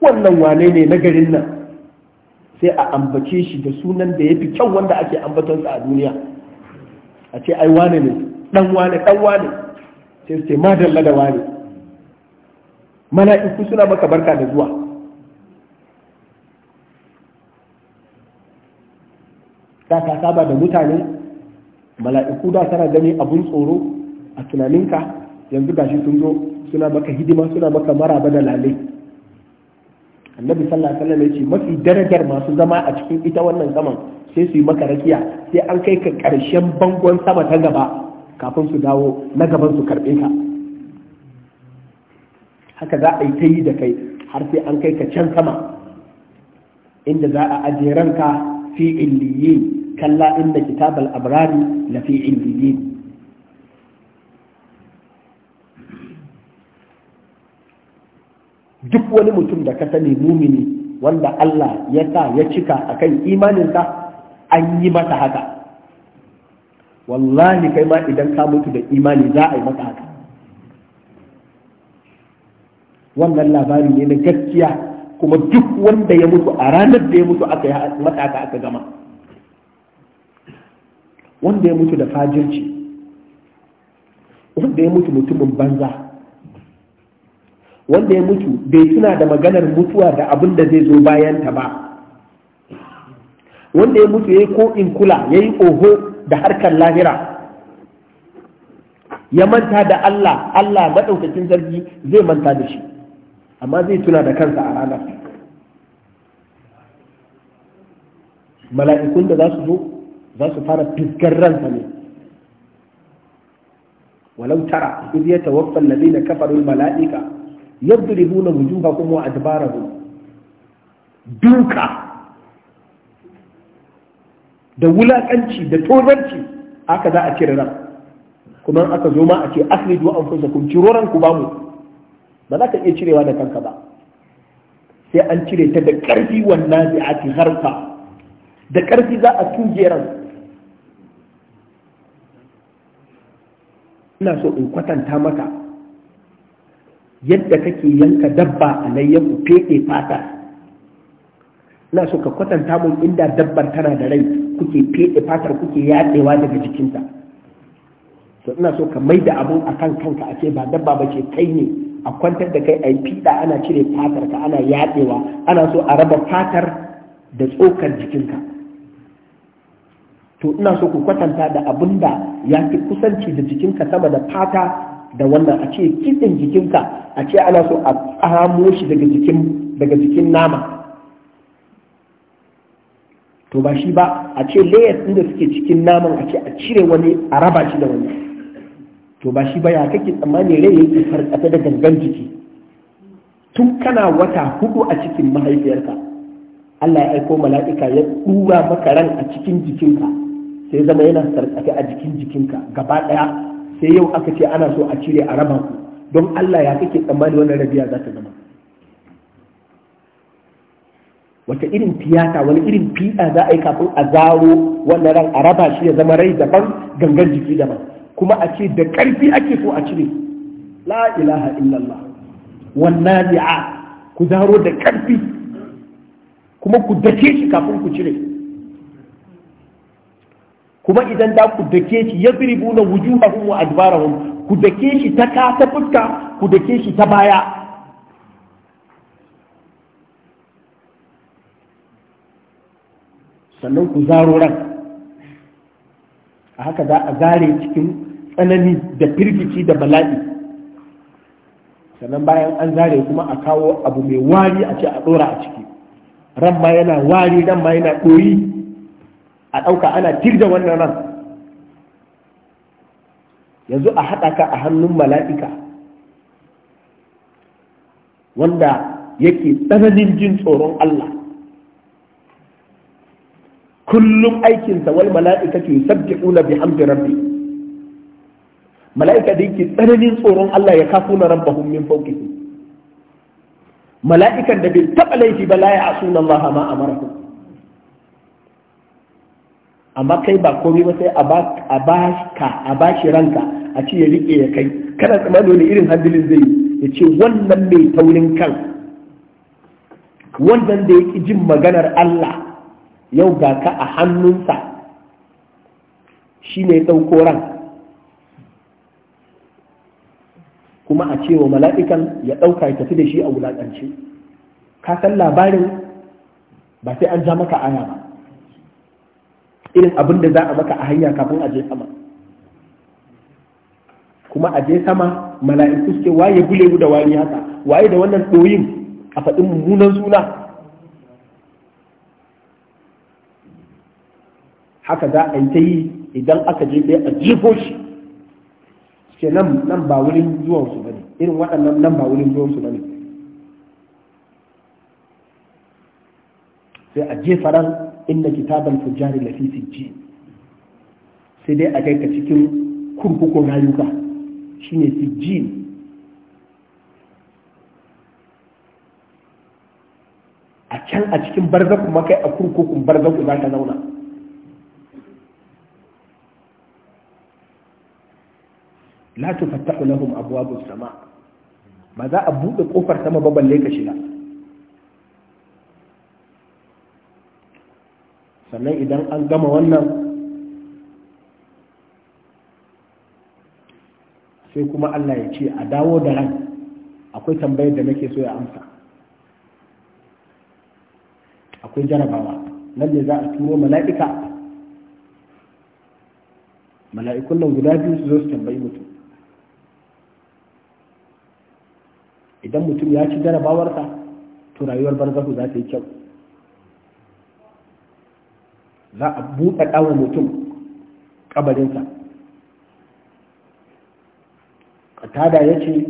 wannan wane ne na garin nan sai a ambace shi da sunan da ya fi kyau wanda ake ambatonsa a duniya a ce ai wane ne dan wane dan wane sai su ce madalla da wane mala'iku suna maka barka da zuwa da ka saba da mutane mala'iku da tana gani abun tsoro a tunaninka yanzu gashi sun zo suna maka hidima suna maka maraba da lale annabi sallallahu alaihi wasallam ce, mafi darajar masu zama a cikin ita wannan saman sai su yi maka rakiya sai an kai ka karshen bangon sama ta gaba kafin su dawo na gaban su karbe ka haka za a yi ta yi da kai har sai an kai ka can sama inda za a ajiye ranka fi illiyin kalla inda kitab al-abrari la duk wani mutum da ka sani mumini wanda Allah ya sa ya cika akan imaninsa an yi masa haka wallahi kai ma idan ka mutu da imani za a yi masa haka wannan labari ne na gaskiya kuma duk wanda ya mutu a ranar da ya mutu aka yi masa haka aka gama wanda ya mutu da fajirci wanda ya mutu mutumin banza wanda ya mutu bai tuna da maganar mutuwa da abin da zai zo bayanta ba wanda ya mutu ya yi ko in kula ya yi oho da harkar lahira ya manta da Allah Allah maɗaukacin zargi zai manta da shi amma zai tuna da kansa a ranar mala'ikun da za su zo za su fara fiskar ranta ne walau tara idh yatawaffa alladhina kafaru almala'ika yadribuna wujuhakum wa adbarahum duka da wulakanci da tozarci aka za a cire ran kuma aka zo ma a ce aslidu anfusakum ciro ranku ba bamu. ba za ka iya cirewa da kanka ba sai an cire ta da ƙarfi wannan zai harka da ƙarfi za a tuje ran ina so in kwatanta maka yadda kake yanka dabba a layyaku fete fata ina so ka kwatanta mun inda dabbar tana da rai kuke fete fatar kuke yaɗewa daga jikinta to ina so ka mai da abun a kan kanka a ce ba dabba ba ce kai ne a kwantar da kai a yi fiɗa ana cire fatar ka ana yaɗewa ana so a raba fatar da tsokar jikinka to ina so ku kwatanta da abin da ya fi kusanci da jikinka sama da fata da wannan a ce kitsin jikinka a ce ana so a tsamo shi daga jikin daga jikin nama to ba shi ba a ce layers inda da suke cikin naman a ce a cire wani a raba shi da wani to ba shi ba ya kake tsammani rai yake farkata da gangan jiki tun kana wata hudu a cikin mahaifiyarka Allah ya aiko mala'ika ya ɗura maka ran a cikin jikinka sai zama yana sarƙafe a jikin jikinka gaba ɗaya sai yau aka ce ana so a cire a raba ku don Allah ya kake tsammani wannan rabiya za ta zama wata irin tiyata wani irin fiɗa za a yi kafin a zaro wannan ran a raba shi ya zama rai daban gangan jiki daban kuma a ce da ƙarfi ake so a cire la ilaha illallah wannan ni'a ku zaro da ƙarfi kuma ku dace shi kafin ku cire kuma idan da ku dake shi ya biribu na wujuhahum wa adbarahum ku dake shi ta ka ta fuska ku dake shi ta baya sannan ku zaro ran a haka za a zare cikin tsanani da firgici da bala'i sannan bayan an zare kuma a kawo abu mai wari a ce a ɗora a ciki ran ma yana wari ran ma yana ɗoyi a ɗauka ana tirda wannan ran yanzu a haɗa ka a hannun mala'ika wanda yake tsananin jin tsoron Allah kullum aikinsa wal mala'ikatu yusabbiquna bihamdi rabbi mala'ika da yake tsananin tsoron Allah ya kafu na rabbahum min fawqihim mala'ikan da bai taɓa laifi ba la ya asuna Allah ma amarakum amma kai ba komai ba sai a ba ka a ba shi ranka a ce ya rike ya kai Kada tsammani wani irin handilin zai ya ce wannan mai taurin kan wannan da ya ƙi jin maganar Allah yau ga ka a hannunsa shi ne ya ɗauko ran kuma a cewa mala'ikan ya ɗauka ya tafi da shi a wulaƙance ka san labarin ba sai an ja maka aya ba irin abin da za a maka a hanya kafin a je sama kuma a je sama mala'iku suke waye gule da wani haka waye da wannan ɗoyin a faɗin mummunan suna haka za a yi ta yi idan aka je ɗaya a jefo shi ke nan nan ba wurin zuwansu ba ne irin waɗannan nan ba wurin zuwansu ba ne sai a jefa ran inna kitabal fujjari lafi sijji sai dai a kai ka cikin kurkukun rayuka shine sijji a can a cikin barzaku makai a kurkukun barzaku za ka zauna la tufattahu lahum abwabus sama ba za a buɗe kofar sama ba balle ka shiga sannan idan an gama wannan sai kuma Allah ya ce a dawo da ran akwai tambayar da nake so ya amsa akwai jarabawa nan ne za a turo mala'ika mala'ikun nan guda biyu su zo su tambayi mutum idan mutum ya ci jarabawarsa to rayuwar barzahu za ta yi kyau za a buɗa ɗawa mutum ƙabarinsa A tada ya ce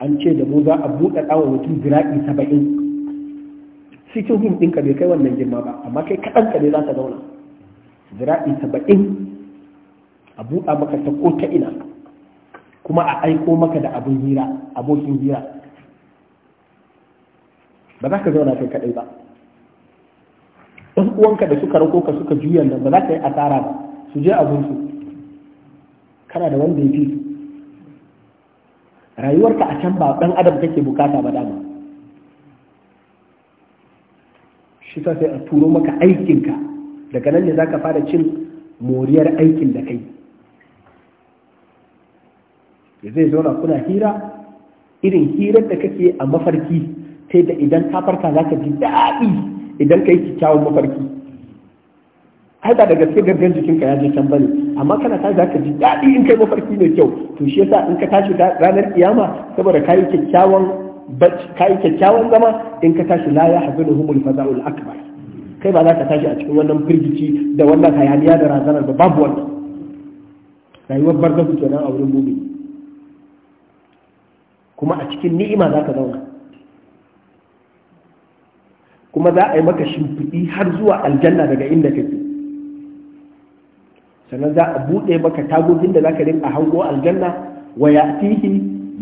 an ce da mu za a buɗa ɗawa mutum zira'i saba'in cikin hin ɗinka bai kai wannan girma ba amma kai kaɗan ka ne za ta zauna zira'i saba'in a buɗa maka ta ko ta ina kuma a aiko maka da abin hira abokin hira ba za ka zauna kai kaɗai ba ɗan uwanka da suka rako ka suka juya da ba za ka yi asara ba su je abinsu kana da wanda ya fi rayuwarka a can ba ɗan adam kake bukata ba dama shi sa sai a turo maka aikinka daga nan ne za ka fara cin moriyar aikin da kai ya zai zauna kuna hira irin hirar da kake a mafarki sai da idan ka farka za ka ji daɗi idan ka yi kyakkyawan mafarki ba da gaske gangan jikinka ya je can bane amma kana tashi zaka ji daɗi in kai mafarki mai kyau to shi yasa in ka tashi ranar kiyama saboda kayi kyakkyawan kayi kyakkyawan zama in ka tashi la ya hazunuhumul faza'ul akbar kai ba za ka tashi a cikin wannan firgici da wannan hayaniya da razanar ba babu wannan rayuwar barzahu kenan a wurin mumini kuma a cikin ni'ima za ka zauna kuma za a yi maka shimfiɗi har zuwa aljanna daga inda kake sannan za a buɗe maka tagogin da za ka rinka hango aljanna wa ya'tihi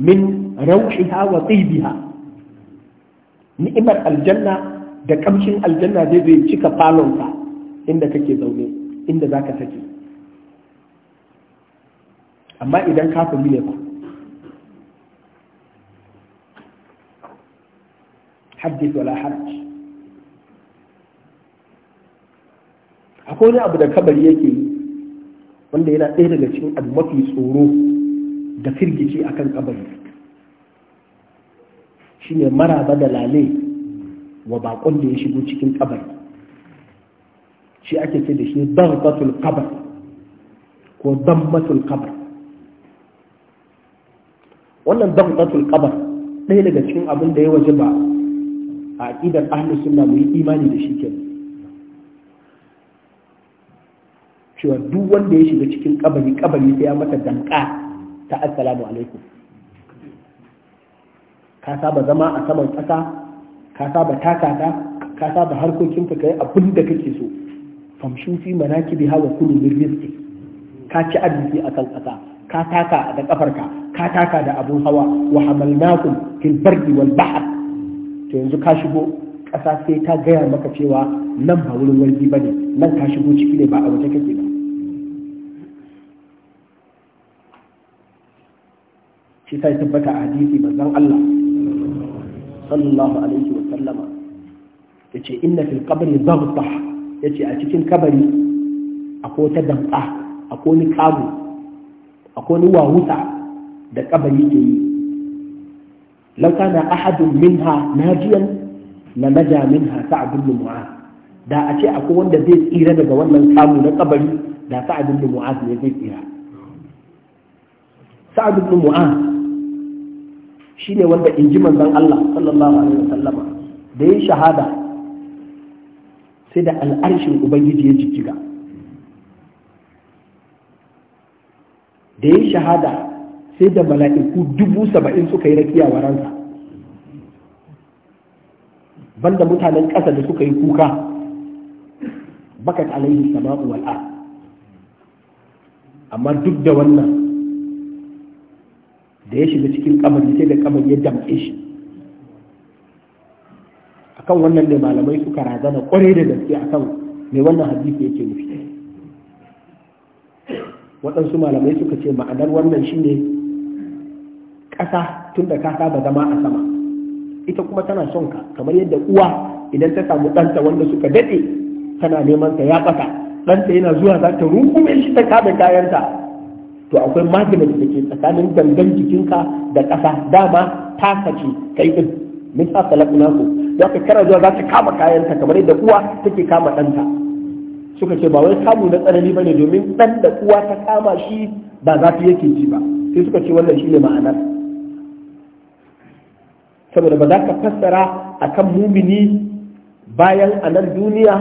min rauhiha wa tsibiha ni'imar aljanna da kamshin aljanna zai zai cika falonka inda kake zaune inda za ka sake amma idan kafin ne ba حدث ولا حرج akwai wani abu da kabari yake yi wanda yana ɗaya daga cikin abu mafi tsoro da firgici akan kabari shine maraba da lale wa bakon da ya shigo cikin kabari shi ake ce da shi batul kabar ko batul kabar wannan batul kabar ɗaya daga cikin abin da ya waje ba a aƙidar ahlus sunna mu yi imani da shi kenan cewa duk wanda ya shiga cikin kabari kabari sai ya mata danka ta assalamu alaikum ka saba zama a saman ƙasa ka saba takata ka saba harkokin ka kai abin da kake so famshu fi manakibi hawa kullu min rizqi ka ci arziki akan ƙasa ka taka da kafarka ka taka da abun hawa wa hamalnakum fil bardi wal bahr to yanzu ka shigo ƙasa sai ta gaya maka cewa nan ba wurin wargi bane nan ka shigo ciki ne ba a waje kake ba shi sai tabbata a hadisi manzon Allah sallallahu alaihi wa sallama Ya yace inna fil qabri Ya ce a cikin kabari a ko ta a ko ni kamu, a ko ni wawuta da kabari ke yi law na ahadun minha najiyan na naja minha ta abin mu'az da a ce akwai wanda zai tsira daga wannan kamu na kabari da sa'd ibn mu'az ne zai tsira sa'd ibn mu'az Shi ne wanda in ji manzan Allah sallallahu alaihi wasallama da ya shahada sai da al'arshin ubangiji ya jijjiga da ya shahada sai da mala'iku dubu saba'in suka yi rakiya wa ransa banda mutanen ƙasa da suka yi kuka bakat alaihi sama'u wal'a amma duk da wannan da ya shiga cikin kamari sai da kamar ya damƙe shi akan wannan ne malamai suka razana kwarai da gaske akan mai wannan hadisi yake nufi waɗansu malamai suka ce ma'anar wannan shine ƙasa tun da ka saba zama a sama ita kuma tana son ka kamar yadda uwa idan ta samu ɗanta wanda suka daɗe tana neman ta ya ɓata ɗanta yana zuwa za ta rungume shi ta kame kayanta to akwai maganin da ke tsakanin gangan jikinka da ƙasa dama ta kace kai din min sa salakuna ku za ka kara zuwa za ta kama kayanta kamar yadda uwa take kama ɗanta suka ce ba wai kamu na tsanani bane domin ɗan da uwa ta kama shi ba za zafi yake ji ba sai suka ce wannan shine ma'anar saboda ba za ka fassara akan mumini bayan anan duniya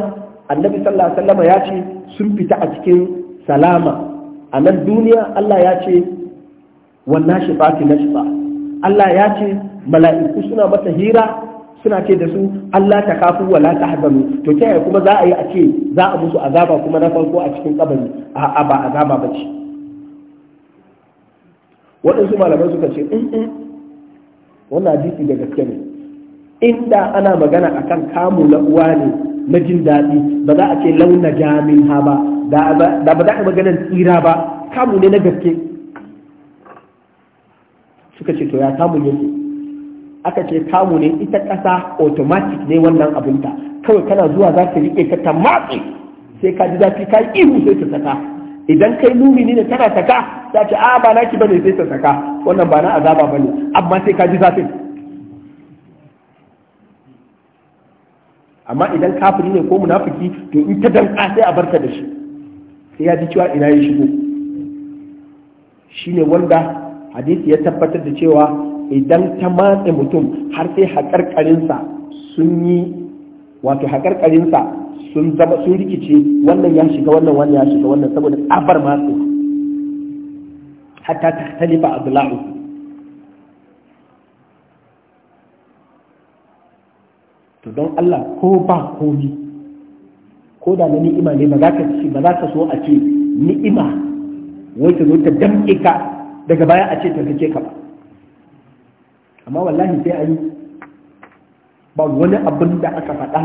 annabi sallallahu alaihi wasallam ya ce sun fita a cikin salama a nan duniya Allah ya ce wannan shi ba na shi ba Allah ya ce mala'iku suna mata hira suna ce da su Allah ta kafu wala ta hazanu to ta yaya kuma za a yi a ce za a musu azaba kuma na farko a cikin kabari a ba azaba ba ce waɗansu malamai suka ce in mm, mm, wannan hadisi da gaske ne inda ana magana akan kamu na uwa ne na jin daɗi ba za a ce launa jamin ha ba da ba za a maganar tsira ba kamu ne na gaske suka ce to ya kamun yake aka ce kamu ne ita ƙasa automatic ne wannan abinta kawai kana zuwa za ta riƙe ka ta matse sai ka ji zafi ka ihu sai ta saka idan kai mumini ne tana saka za ce a ah, ba naki bane sai ta saka wannan ba na azaba bane amma sai ka ji zafi. amma idan kafiri ne ko munafiki to in ta danka sai a barka da shi sai ya ji cewa ina ya shigo shine wanda hadisi ya tabbatar da cewa idan ta matse mutum har sai haƙarƙarinsa sun yi wato haƙarƙarinsa sun zama sun rikice wannan ya shiga wannan wannan ya shiga wannan saboda tsabar matse hatta ta talifa abdullahi to don Allah ko ba komi ko da na ni'ima ne ba za ka ci ba za ka so a ce ni'ima wai ta zo ta damke ka daga baya a ce ta fice ka ba amma wallahi sai an ba wani abin da aka faɗa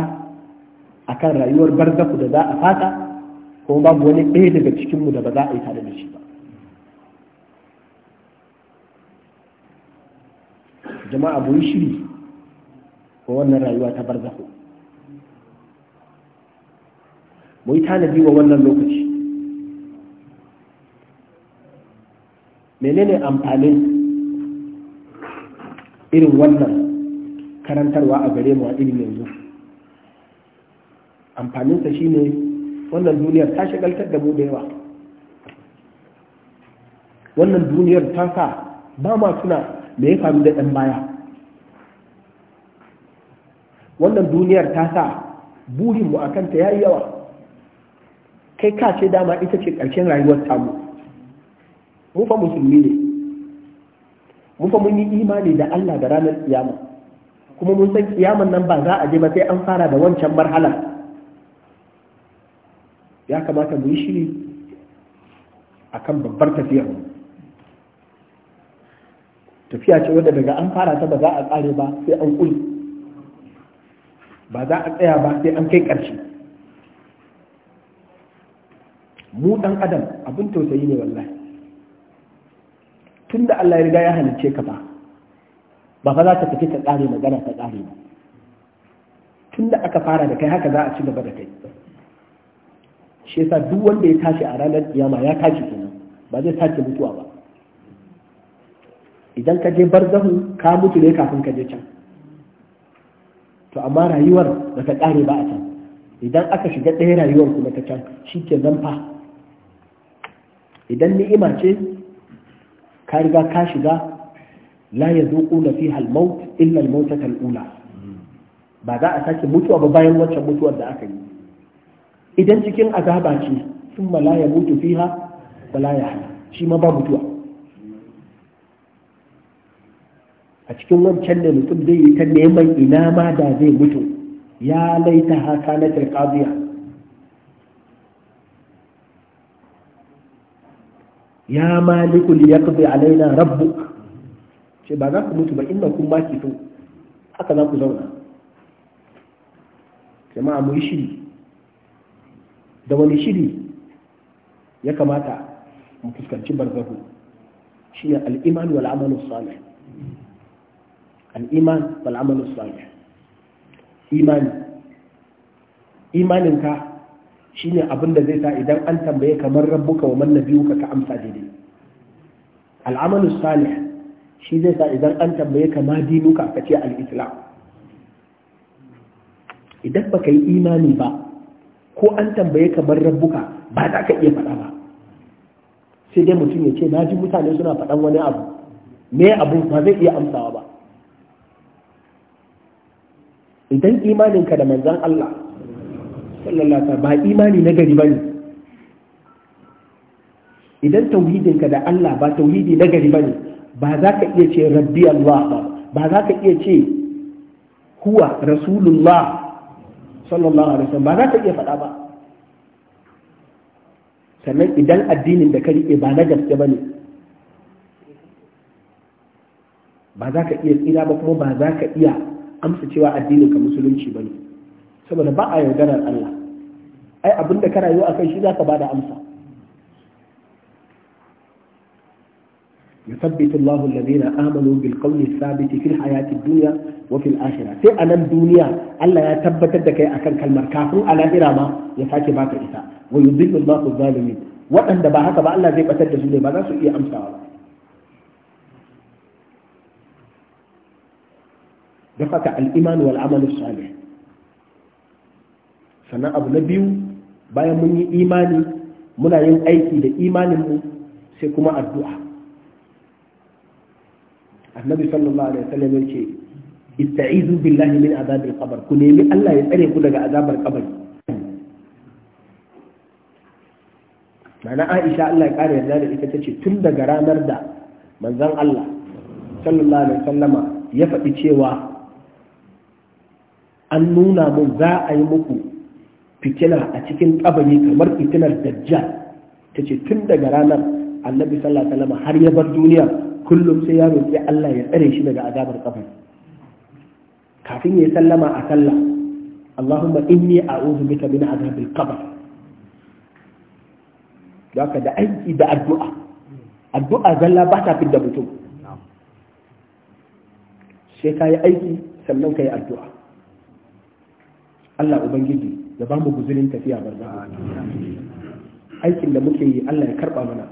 a kan rayuwar barzaku da za a fata ko ba wani ɗaya daga cikinmu da ba za a yi tare da shi ba jama'a bu yi shiri ko wannan rayuwa ta barzaku mu yi tanadi wa wannan lokaci menene amfanin irin wannan karantarwa a gare mu a irin yanzu amfaninsa shine wannan duniyar ta shagaltar da mu da yawa wannan duniyar ta sa ba ma tuna me ya faru da ɗan baya wannan duniyar ta sa burinmu a kanta ya yi yawa kai ka ce dama ita ce ƙarshen rayuwar tamu mu fa musulmi ne mu fa mun yi imani da Allah da ranar kiyama kuma mun san kiyaman nan ba za a je ba sai an fara da wancan marhala ya kamata mu yi shiri akan babbar tafiya. tafiya ce wadda daga an fara ta ba za a tsare ba sai an kuli ba za a tsaya ba sai an kai ƙarshe mu dan adam abin tausayi ne wallahi tunda Allah ya riga ya halicce ka ba ba fa za ka tafi ta tsare magana ta tsare ba tunda aka fara da kai haka za a ci gaba da kai shi yasa duk wanda ya tashi a ranar kiyama ya tashi kenan ba zai sake mutuwa ba idan ka je barzahu ka mutu ne kafin ka je can to amma rayuwar ba ta kare ba a can idan aka shiga ɗaya rayuwar kuma ta can shi ke zamfa idan ni'ima ce ka riga ka shiga la yazuquna fiha fi maut illa al-mautata ula ba za a sake mutuwa ba bayan wancan mutuwar da aka yi idan cikin azaba ce thumma la yamutu fiha wa la yahya shi ma ba mutuwa a cikin wancan ne mutum zai yi ta neman ina ma da zai mutu ya laita haka na tilqadiya ya maliku li yaqdi alaina rabbuk ce ba za ku mutu ba inna kun ma kitu haka za ku zauna jama'a mu yi shiri da wani shiri ya kamata mu fuskanci barzahu shine al-iman wal amalu salih al-iman wal amalu salih imani imaninka shine abin da zai sa idan an tambaye kamar rabbuka wa man nabiyuka ka amsa daidai al'amalu salih shi zai sa idan an tambaye ka ma dinuka ka ce al-islam idan baka yi imani ba ko an tambaye kamar man rabbuka ba za ka iya faɗa ba sai dai mutum ya ce na ji mutane suna faɗan wani abu me abu ba zai iya amsawa ba idan imaninka da manzan Allah sallallahu alaihi ba imani na gari bane idan ka da Allah ba tauhidi na gari bane ba za ka iya ce rabbi Allah ba ba za ka iya ce huwa rasulullah sallallahu alaihi wasallam ba za ka iya faɗa ba sannan idan addinin da ka riƙe ba na gaske bane ba za ka iya tsira ba kuma ba za ka iya amsa cewa addinin ka musulunci bane saboda ba a yaudarar Allah ai abin da kana yi a kai shi za ka ba da amsa يثبت الله الذين آمنوا بالقول الثابت في الحياة الدنيا وفي الآخرة في أنا الدنيا ألا يثبت لك أكن كلمة كافر على إرامة يفاك باك إساء ويضل الله الظالمين وأن دباهك بألا زي بتد سنة بنا سئي أمسا دفك الإيمان والعمل الصالح سنة أبو نبيو bayan mun yi imani muna yin aiki da imaninmu sai kuma addu'a annabi sallallahu alaihi wasallam ya ce ista'izu billahi min azabar qabr ku nemi Allah ya tsare ku daga azabar kabari mana Aisha Allah ya kare yarda da ita tace tun daga ranar da manzon Allah sallallahu alaihi wasallam ya faɗi cewa an nuna mun za a yi muku fitina a cikin kabari kamar fitinar dajjal ta ce tun daga ranar annabi sallallahu alaihi wasallam har ya bar duniya kullum sai ya roƙi Allah ya tsare shi daga azabar kabari kafin ya sallama a sallah Allahumma inni a'udhu bika min azabil qabr haka da aiki da addu'a addu'a zalla ba ta fidda mutum sai ka yi aiki sannan ka yi addu'a Allah Ubangiji Da ba mu guzurin tafiya barza aikin da muke yi Allah ya karba mana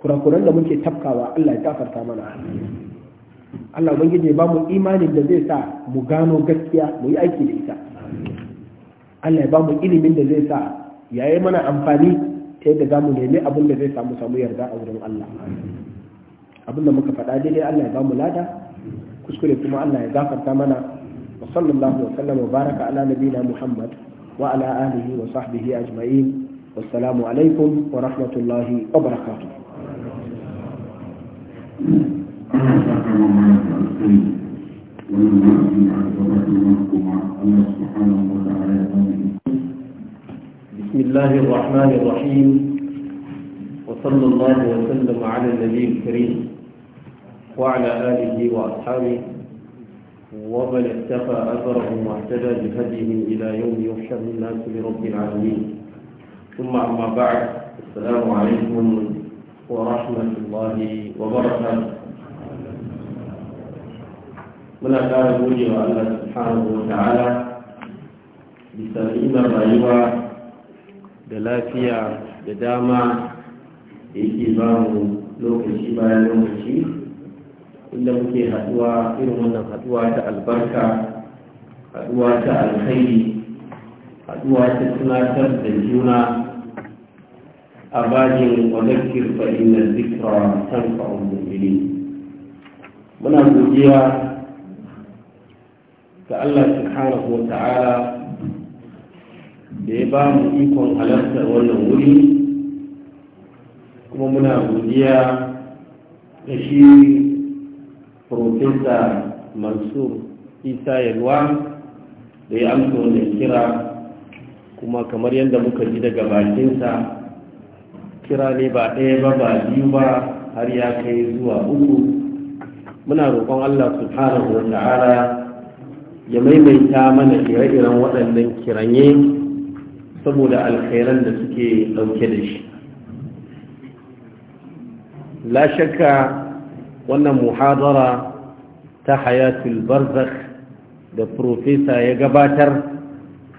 kurakuran da muke tafkawa Allah ya gafarta mana Allah ubangiji ba mu imanin da zai sa mu gano gaskiya mu yi aiki da ita Allah ya ba mu ilimin da zai sa ya yi mana amfani ta yadda za mu nemi abin da zai samu samu yarda a wurin Allah abin da muka faɗa daidai Allah ya ba mu lada kuskure kuma Allah ya gafarta mana وصلى الله وسلم وبارك على نبينا محمد وعلى آله وصحبه أجمعين والسلام عليكم ورحمة الله وبركاته بسم الله الرحمن الرحيم وصلى الله وسلم على النبي الكريم وعلى آله وأصحابه ومن اتقى أثره واهتدى بهديه إلى يوم يحشر الناس لرب العالمين ثم أما بعد السلام عليكم ورحمة الله وبركاته من أكار وجه الله سبحانه وتعالى بسلام الرأيوة دلافية ددامة إيكي لوكشي بايا لوكشي inda muke haduwa irin wannan haduwa ta albarka haduwa ta alkhairi haduwa ta tunatar da juna a bajin wadakir fa'in na zikra fa'un umurmini muna godiya ga allah subhanahu wa ta'ala da ya ba mu ikon halartar wannan wuri kuma muna godiya da shi profesa mansur isa yalwa da ya amsa wannan kira kuma kamar yadda muka ji daga bakinsa kira ne ba ɗaya ba ba biyu ba har ya kai zuwa uku muna roƙon allah su wa ta'ala ya maimaita mana ire-iren waɗannan kiranye saboda alkhairan da suke ɗauke da shi la shakka wannan muhadara ta hayatul barzakh da profesa ya gabatar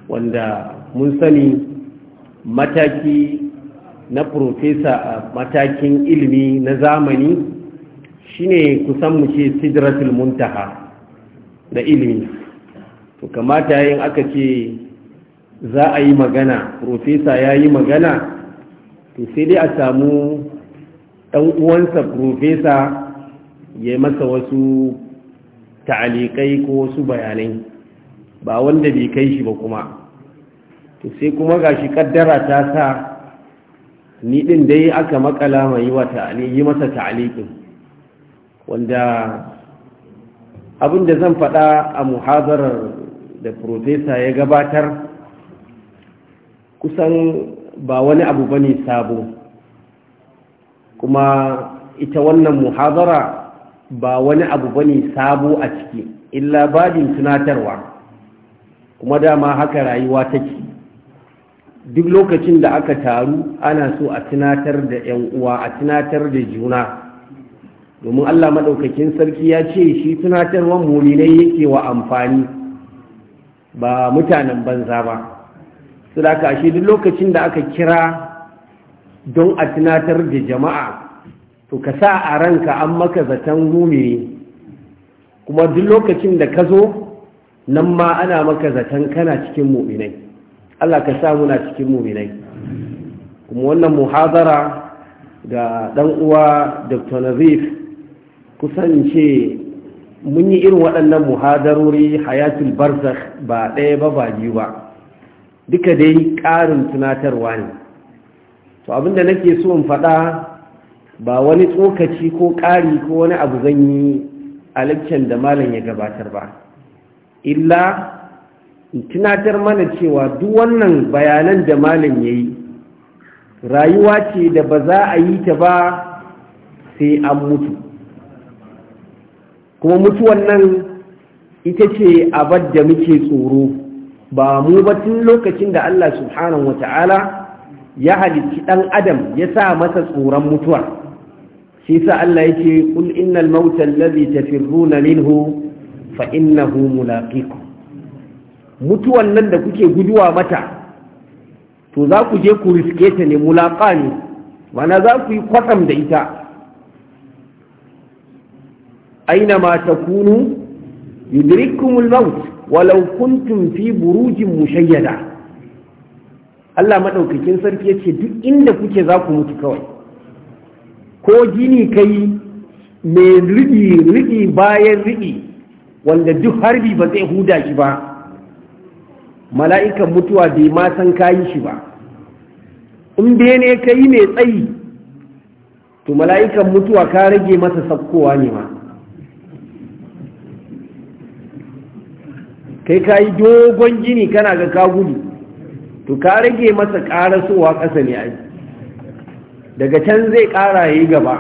wanda mun sani mataki na profesa a matakin ilimi na zamani shine kusan mu ce sidratul muntaha da ilimi to kamata yayin aka ce za a yi magana profesa ya yi magana to sai dai a samu ɗan uwansa profesa ya masa wasu ta'alikai ko wasu bayanai ba wanda bai kai shi ba kuma to sai kuma gashi kaddara ta sa ni din dai aka makala mai yi wata yi masa ta'alikin wanda abin da zan faɗa a muhazarar da profesa ya gabatar kusan ba wani abu bane sabo kuma ita wannan muhazara ba wani abu bane sabo a ciki illa babin tunatarwa kuma dama haka rayuwa take duk lokacin da aka taru ana so a tunatar da 'yan uwa a tunatar da juna domin allah maɗaukakin sarki ya ce shi tunatarwar muminai yake wa amfani ba mutanen banza ba su da ashe duk lokacin da aka kira don a tunatar da jama'a to ka sa a ranka an maka zaton gumiri kuma duk lokacin da ka zo nan ma ana maka zaton kana cikin muminai Allah ka sa muna cikin muminai kuma wannan muhazara ga dan uwa Dr. Nazif kusan ce mun yi irin waɗannan muhadarori hayatul barzakh ba ɗaya ba ba biyu ba duka dai ƙarin tunatarwa ne to abinda nake so in faɗa ba wani tsokaci ko ƙari ko wani abu zan yi a da malam ya gabatar ba illa tunatar mana cewa duk wannan bayanan da malam ya yi rayuwa ce da ba za a yi ta ba sai an mutu kuma mutuwan nan ita ce abar da muke tsoro ba mu ba tun lokacin da Allah subhanahu wa ta'ala ya halicci ɗan adam ya sa masa tsoron mutuwa shi sa Allah yake kul innal mauta allazi tafirruna minhu fa innahu mulaqikum mutuwan nan da kuke guduwa mata to za ku je ku riske ta ne mulaqa ne mana za ku yi kwatsam da ita aina ma takunu yudrikkumul maut walau kuntum fi burujin mushayyada Allah madaukakin sarki yace duk inda kuke za ku mutu kawai ko gini kai mai riɗi riɗi bayan riɗi wanda duk harbi ba zai huda shi ba mala'ikan mutuwa bai ma san kayi shi ba in bene ne kai mai tsayi to mala'ikan mutuwa ka rage masa sakkowa ne ma kai ka yi dogon jini kana ga ka to ka rage masa ƙarasowa ƙasa ne aiki daga can zai ƙara yi gaba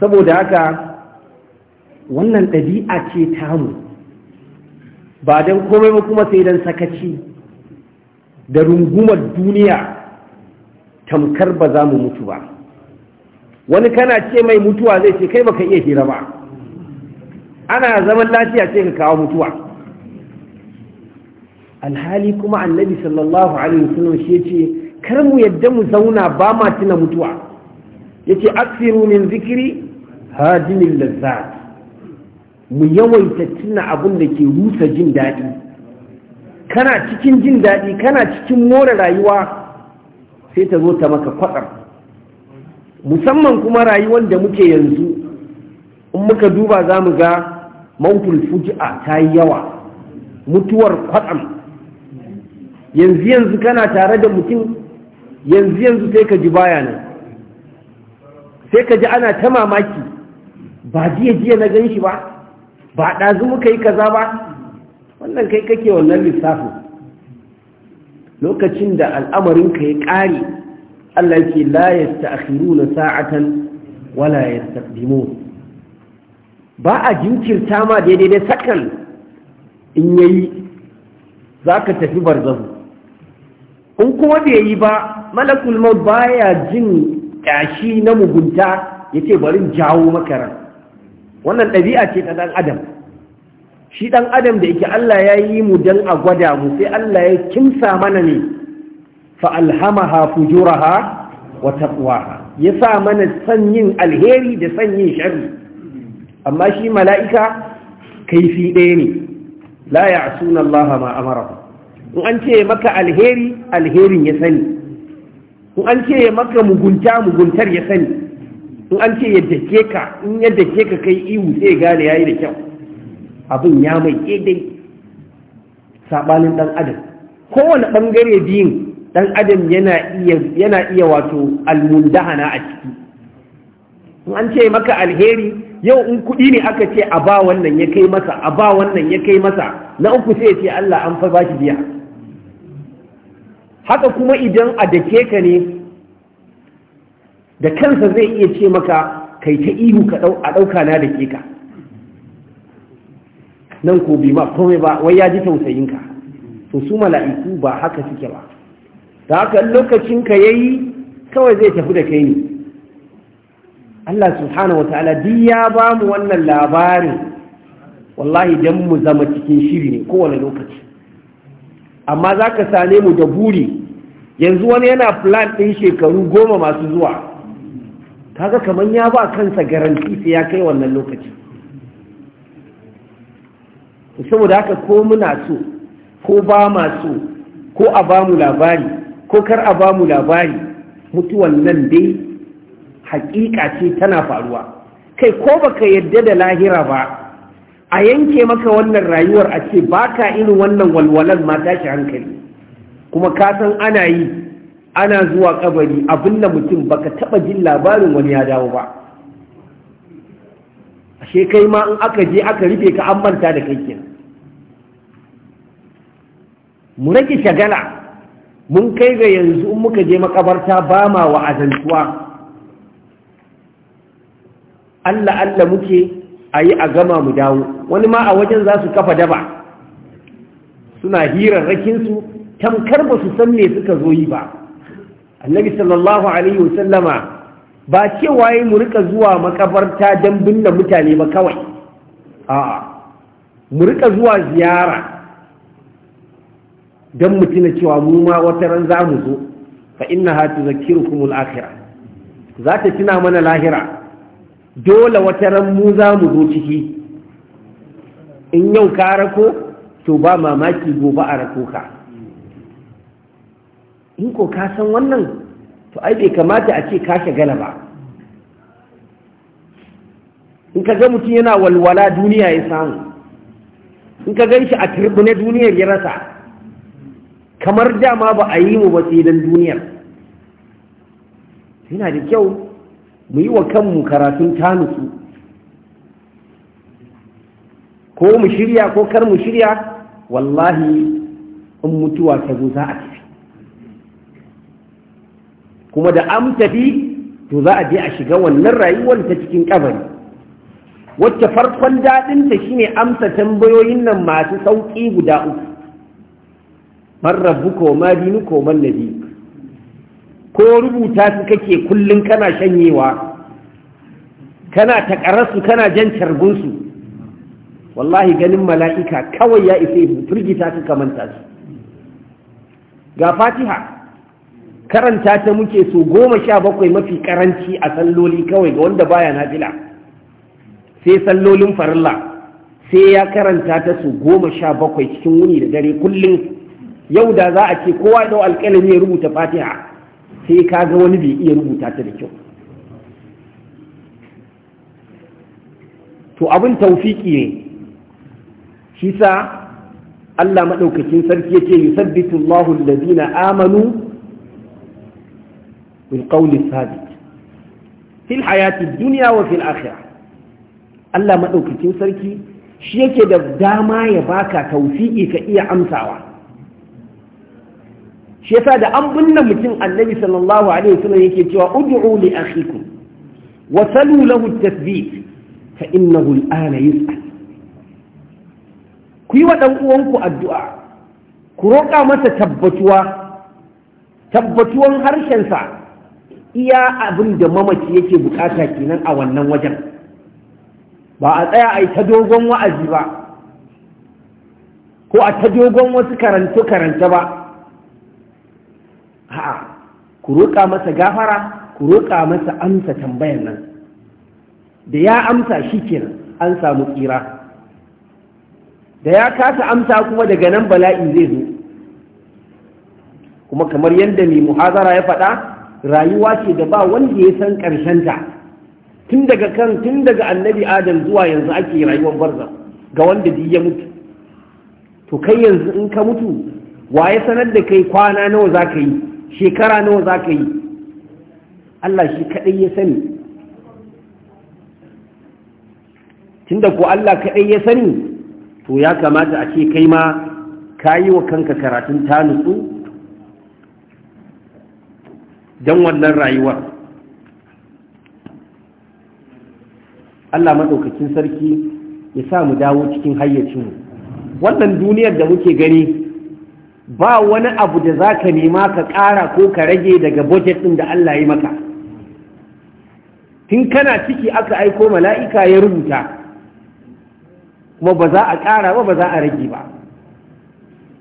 saboda haka wannan ɗabi'a ce ta tamu ba don komai ba kuma sai don sakaci da rungumar duniya tamkar ba za mu mutu ba wani kana ce mai mutuwa zai ce kai baka iya hira ba ana zaman lafiya ce ka kawo mutuwa alhali kuma annabi sallallahu alaihi wasallam shi ce kar mu yadda mu zauna ba ma tuna mutuwa yace asiru min zikiri hadimin lazzat mu yawaita tuna abin da ke rusa jin daɗi kana cikin jin daɗi kana cikin more rayuwa sai ta zo ta maka kwatsar musamman kuma rayuwar da muke yanzu in muka duba za mu ga mautul fuji'a ta yi yawa mutuwar kwatsam yanzu yanzu kana tare da mutum yanzu yanzu sai ka ji baya nan sai ka ji ana ta mamaki ba jiya jiya na gan shi ba ba ɗazu muka yi kaza ba wannan kai kake wannan lissafin lokacin da al'amarinka ya ƙare Allah ke la yasta'khiruna sa'atan wala yastaqdimun ba a jinkirta ma daidai da sakan in yayi zaka tafi barzahu in kuma bai yi ba malakul maut baya jin ƙyashi na mugunta ya ce barin jawo makaran wannan ɗabi'a ce ta ɗan adam shi ɗan adam da yake Allah ya yi mu don a gwada mu sai Allah ya kimsa mana ne fa'alhamaha fujuraha wa taqwaha ya sa mana son yin alheri da son yin shari amma shi mala'ika kaifi ɗaya ne la ya asuna in an ce maka alheri alherin ya sani in an ce ya maka mugunta muguntar ya sani in an ce ya dake ka in ya dake ka kai ihu sai gane yayi da kyau abin ya mai dai sabanin dan adam kowane bangare biyun dan adam yana iya yana iya wato almundahana a ciki in an ce maka alheri yau in kuɗi ne aka ce a ba wannan ya kai masa a ba wannan ya kai masa na uku sai ya ce Allah an fa bashi biya haka kuma idan a dake ka ne da kansa zai iya ce maka kai ta ihu a ɗauka na dake ka nan ko bi ma kome ba wai ya ji tausayinka to su mala'iku ba haka suke ba da haka lokacinka ya yi kawai zai tafi da kai ne Allah subhanahu wataala duk ya bamu wannan labarin wallahi dan mu zama cikin shiri ne kowane lokaci amma za ka same mu da buri yanzu wani yana plan ɗin shekaru goma masu zuwa kaga kamar ya ba kansa garanti sai ya kai wannan lokaci saboda haka ko muna so ko ba ma so ko a ba mu labari ko kar a ba mu labari mutuwan nan dai hakika ce tana faruwa kai ko baka yadda da lahira ba a yanke maka wannan rayuwar a ce ba ka irin wannan walwalan ma tashi hankali kuma ka san ana yi ana zuwa kabari abin da mutum baka taba jin labarin wani ya dawo ba ashe kai ma in aka je aka rufe ka an manta da kai kenan mu rage shagala mun kai ga yanzu in muka je makabarta ba ma wa'azantuwa Allah Allah muke a yi a gama mu dawo wani ma a wajen za su kafa daba suna rakinsu tamkar ba su san me suka zo yi ba annabi sallallahu alaihi wasallama ba cewa yi mu rika zuwa makabarta don binne mutane ba kawai a'a mu rika zuwa ziyara don mu tuna cewa mu ma wata ran za mu zo fa innaha tudhakkirukum al-akhirah za ta tuna mana lahira dole wata ran mu za mu zo ciki in yau ka rako to ba mamaki gobe a rako ka in ko ka san wannan to ai bai kamata a ce ka shagala ba in ka ga mutum yana walwala duniya ya samu in ka gan shi a na duniyar ya rasa kamar dama ba a yi mu ba sai duniyar yana da kyau mu yi wa kanmu karatun tanusu ko mu shirya ko kar mu shirya wallahi in mutuwa ta zo za a tafi kuma da an tafi to za a je a shiga wannan rayuwar ta cikin kabari wacce farkon daɗinta shine amsa tambayoyin nan masu sauƙi guda uku man rabbuka wa ma dinuka wa man ko rubuta su kake kullum kana shanyewa kana takararsu kana jan cargunsu wallahi ganin mala'ika kawai ya isa firgita su kamanta su ga fatiha karanta ta muke so goma sha bakwai mafi karanci a salloli kawai ga wanda baya na nafila sai sallolin farilla sai ya karanta ta su goma sha bakwai cikin wuni da dare kullum yau da za a ce kowa dau alƙalami ya rubuta fatiha sai ka ga wani bai iya rubuta ta da kyau to abin taufiki ne shi sa Allah maɗaukakin sarki yake yusabbitu Allahu alladhina amanu bil qawli sabit fil hayati dunya wa fil akhirah Allah maɗaukakin sarki shi yake da dama ya baka taufiki ka iya amsawa shi yasa da an binne mutum annabi sallallahu alaihi wasallam yake cewa ud'u li akhikum wa salu lahu at-tathbit fa innahu al-ana yus'al ku yi wa dan uwanku addu'a ku roƙa masa tabbatuwa tabbatuwan sa, iya abin da mamaci yake bukata kenan a wannan wajen ba a tsaya a yi ta dogon wa'azi ba ko a ta dogon wasu karanto karanta ba Ha'a ku roƙa masa gafara ku roƙa masa amsa tambayan nan da ya amsa shi kenan an samu tsira da ya kasa amsa kuma daga nan bala'i zai zo kuma kamar yadda mai muhazara ya faɗa rayuwa ce da ba wanda ya san ƙarshenta tun daga kan tun daga annabi adam zuwa yanzu ake rayuwar barza ga wanda duk ya mutu to kai yanzu in ka mutu wa ya sanar da kai kwana nawa za ka yi shekara nawa za ka yi Allah shi kaɗai ya sani tunda ko Allah kaɗai ya sani to ya kamata a ce kai ma ka yi wa kanka karatun ta nutsu don wannan rayuwar Allah maɗaukakin sarki ya sa mu dawo cikin hayyacinmu wannan duniyar da muke gani ba wani abu da za ka nema ka ƙara ko ka rage daga budget ɗin da Allah ya maka tun kana ciki aka aiko mala'ika ya rubuta kuma ba za a ƙara ba ba za a rage ba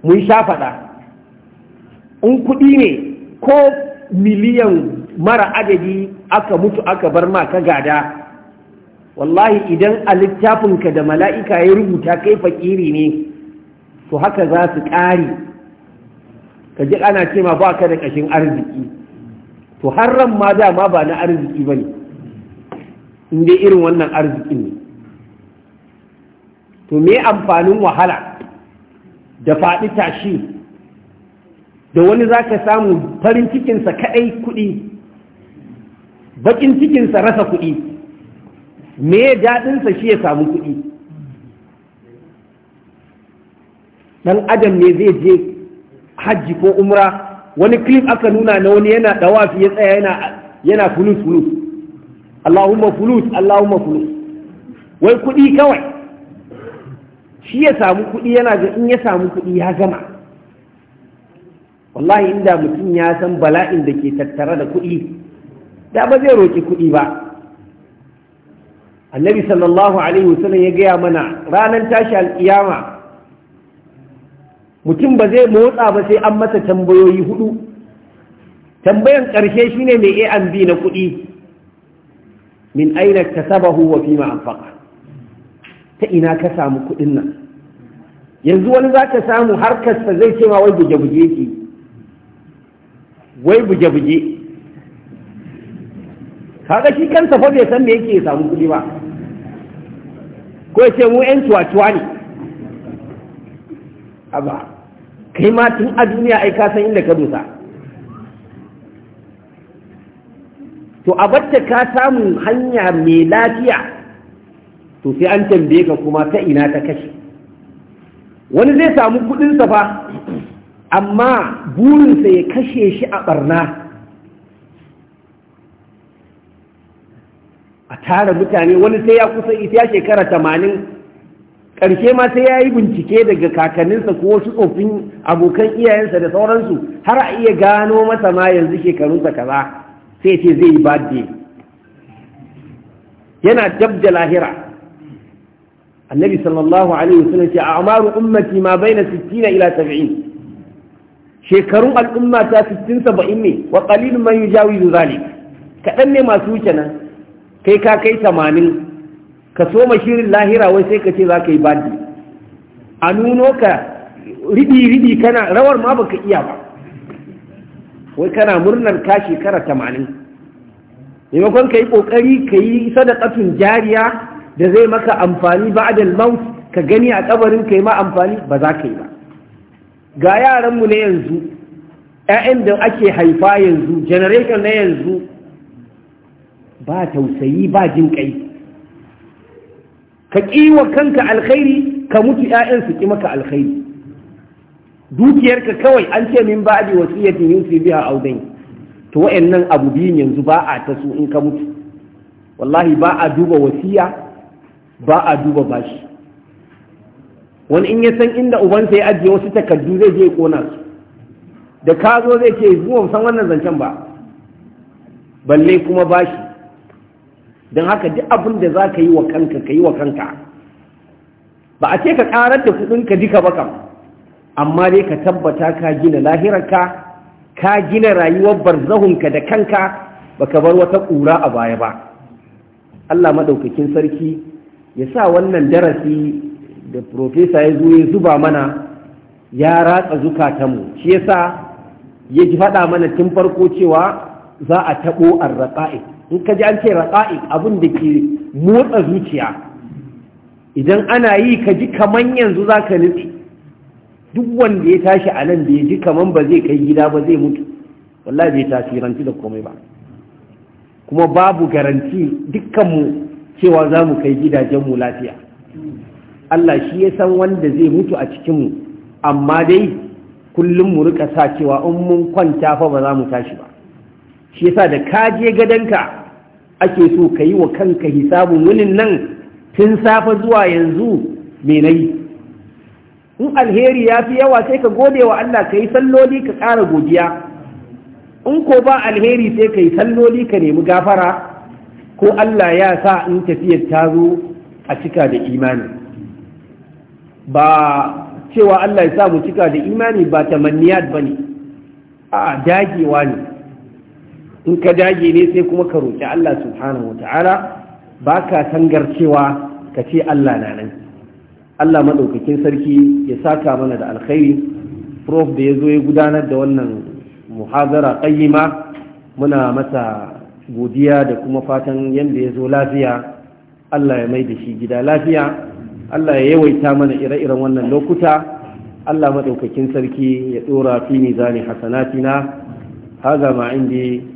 mun sha faɗa in kuɗi ne ko miliyan mara adadi aka mutu aka bar ma ka gada wallahi idan a littafinka da mala'ika ya rubuta kai fakiri ne to haka za su ƙari ka ji ana ce ma ba ka da ƙashin arziki to har ran ma dama ba na arziki ba ne inda irin wannan arzikin ne to me amfanin wahala da faɗi tashi da wani za ka samu farin cikinsa kaɗai kuɗi baƙin cikinsa rasa kuɗi me daɗinsa shi ya samu kuɗi ɗan adam ne zai je hajji ko umra wani clip aka nuna na wani yana fi ya tsaya yana yana fulus fulus Allahumma fulus Allahumma fulus wai kudi kawai shi ya samu kudi yana ga in ya samu kudi ya gama wallahi inda mutum ya san bala'in da ke tattare da kudi da ba zai roki kudi ba annabi sallallahu alaihi wasallam ya gaya mana ranar tashi al'iyama. mutum ba zai motsa ba sai an masa tambayoyi hudu tambayan ƙarshe shine mai a and b na kuɗi min aina saba huwa fima ma'amfaka ta ina ka samu kuɗin nan yanzu wani za ka samu harkarsa zai ce ma wai buge-buge ki wai buge-buge kaga shi kansa fa bai san me yake samu kuɗi ba ko ya ce mu 'yan tuwa-tuwa ne a ba kai ma tun a duniya ai kasan inda ka dosa to a bacce ka samu hanya mai lafiya to sai an tambaye ka kuma ta ina ta kashe wani zai samu kudinsa fa amma burinsa ya kashe shi a barna a tara mutane wani sai ya kusa ita shekara tamanin ƙarshe ma sai ya yi bincike daga kakanninsa ko wasu tsofin abokan iyayensa da sauransu har a iya gano masa ma yanzu shekarunsa kaza sai ce zai yi birthday yana dab da lahira annabi sallallahu alaihi wasallam ce a amaru ummati ma baina 60 ila 70 shekarun al'umma ta 60 70 ne wa qalilun man yujawizu zalik kadan ne masu wuce nan kai ka kai 80 ka so mashirin lahira wai sai ka ce za ka yi bandi a nuno ka riɗi-riɗi kana rawar ma baka iya ba wai kana murnar ka shekara tamanin maimakon ka yi ƙoƙari ka yi sadakatun jariya da zai maka amfani ba ba'adal maus ka gani a kabarin ka yi ma amfani ba za ka yi ba ga yaranmu na yanzu 'ya'yan da ake haifa yanzu generation na yanzu ba tausayi ba jin ƙai ka kiwa kanka alkhairi ka mutu ƴaƴan su ki maka alkhairi dukiyarka kawai an ce min ba'di wasiyatin yusi biha aw to wayannan abu biyun yanzu ba a ta su in ka mutu wallahi ba a duba wasiya ba a duba bashi wani in ya san inda ubansa ya ajiye wasu takardu zai je kona su da ka zo zai ce zuwa san wannan zancen ba balle kuma bashi don haka duk abin da za ka yi wa kanka ka yi wa kanka ba a ce ka karar da ka duka ba amma dai ka tabbata ka gina lahirarka ka gina rayuwar barzahunka da kanka ba ka bar wata ƙura a baya ba Allah maɗaukakin sarki ya sa wannan darasi da profesa ya zo ya zuba mana ya ratsa zukatanmu shi yasa ya ji faɗa mana tun farko cewa za a taɓo arraƙa'i in ka ji an ce abin da ke motsa zuciya idan ana yi ka ji kaman yanzu za ka nufi duk wanda ya tashi a nan da ya ji kaman ba zai kai gida ba zai mutu wallahi bai tasiranci da komai ba kuma babu garanti dukkanmu cewa za mu kai gidajenmu lafiya Allah shi ya san wanda zai mutu a cikinmu amma dai kullum mu rika sa cewa in mun kwanta fa ba za mu tashi ba shi yasa da kaje je gadanka ake so ka yi wa kanka hisabun wunin nan tun safa zuwa yanzu me nayi in alheri ya fi yawa sai ka gode wa Allah ka yi salloli ka ƙara godiya in ko ba alheri sai ka yi salloli ka nemi gafara ko Allah ya sa in tafiyar ta zo a cika da imani ba cewa Allah ya sa mu cika da imani ba ba ne. a dagewa ne in ka dage ne sai kuma ka roƙi Allah subhanahu wata'ala ba ka cewa ka ce Allah na nan Allah maɗaukakin sarki ya saka mana da alkhairi prof da ya zo ya gudanar da wannan muhazara ƙayyima muna masa godiya da kuma fatan yadda ya zo lafiya Allah ya mai da shi gida lafiya Allah ya yawaita mana ire-iren wannan lokuta Allah maɗaukakin sarki ya ɗora fi mizani hasanatina haza ma indi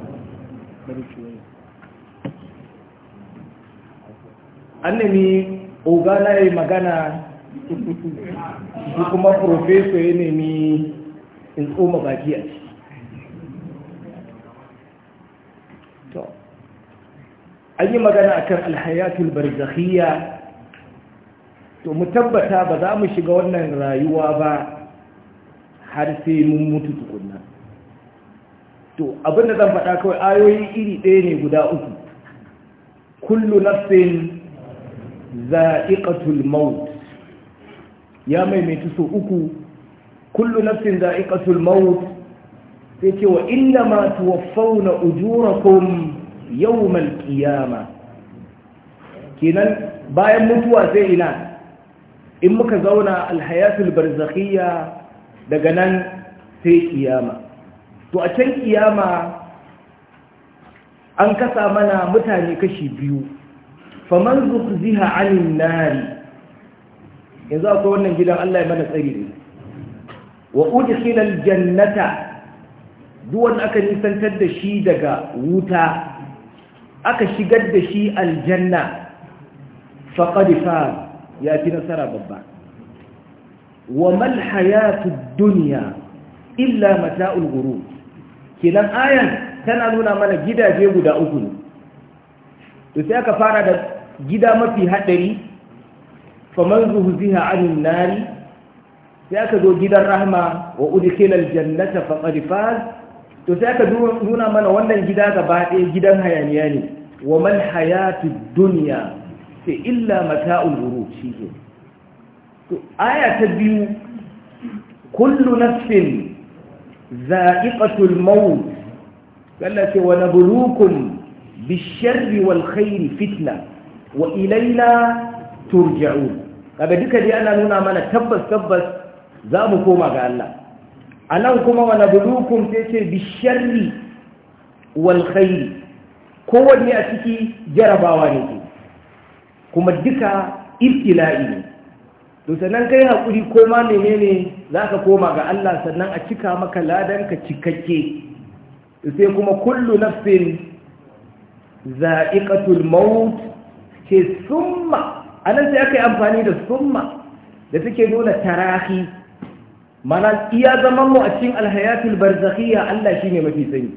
annemi ogana ya magana su kuma profeso ya nemi in tsoma baki a ciki to an yi magana a kan alhayatul barzakhiyya to mu tabbata ba za mu shiga wannan rayuwa ba har sai mun mutu tukunna to abin da zan faɗa kawai ayoyi iri ɗaya ne guda uku kullu nafsin za'iqatul maut ya maimaitu so uku kullu nafsin za'iqatul maut sai ce wa inna ma tuwaffawna ujurakum yawmal qiyama kenan bayan mutuwa sai ina in muka zauna alhayatul barzakhiyya daga nan sai kiyama to a can kiyama an kasa mana mutane kashi biyu faman zuziha anin nari yanzu akwai wannan gidan Allah ya mana tsari ne wa udkhila aljannata jannata. Duwan aka nisantar da shi daga wuta aka shigar da shi aljanna faqad faz ya fi nasara babba wa mal hayatud duniya illa mata'ul ghurur kenan ayan tana nuna mana gidaje guda uku ne to sai aka fara da gida mafi haɗari faman zuhuziha anin nari sai aka zo gidan rahma wa udkhila aljannata faqad faz to sai aka nuna mana wannan gida gaba ɗaya gidan hayaniya ne wa man hayatu dunya sai illa mata'ul ghurur shi to aya ta biyu kullu nafsin za'iqatul maut Allah ce wa nabluukum bisharri wal khairi fitna wa ilaina turja'un kaga duka dai ana nuna mana tabbas tabbas za mu koma ga Allah anan kuma wa nabluukum sai ce bisharri wal khairi kowanne a ciki jarabawa ne kuma duka ibtila'i ne to sannan kai haƙuri ko ma menene za ka koma ga Allah sannan a cika maka Ladan ka cikakke sai kuma kullu nafsin za'iqatul maut ce summa anan sai aka yi amfani da summa da take nuna tarahi mana iya zaman mu a cikin alhayatul barzakhiyya Allah shine mafi sani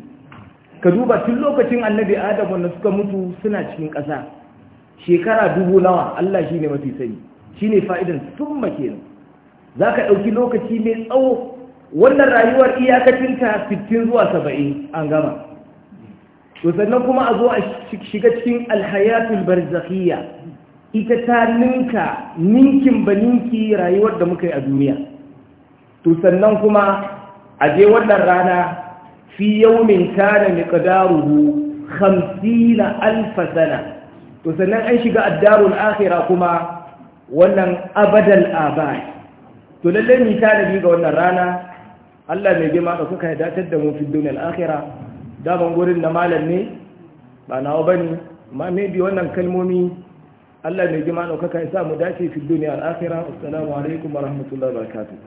ka duba tun lokacin annabi adam wanda suka mutu suna cikin ƙasa shekara dubu nawa Allah shine mafi sani shine fa'idan summa kenan zaka ɗauki lokaci mai tsawo wannan rayuwar iyakacinta 60 zuwa 70 an gama to sannan kuma a zo a shiga cikin alhayatul barzakhiyya ita ta ninka ninkin baninki rayuwar da muka yi a duniya to sannan kuma a je wannan rana fi yawmin kana miqdaruhu 50000 sana to sannan an shiga addarun akhira kuma wannan abadal abai to lalle ni ta da ga wannan rana Allah mai girma da kuka datar da mu fi duniyar akhira da ban gurin na malam ne ba nawa bane me maybe wannan kalmomi Allah mai girma da kuka sa mu dace fi duniyar akhira assalamu alaikum wa rahmatullahi wa barakatuh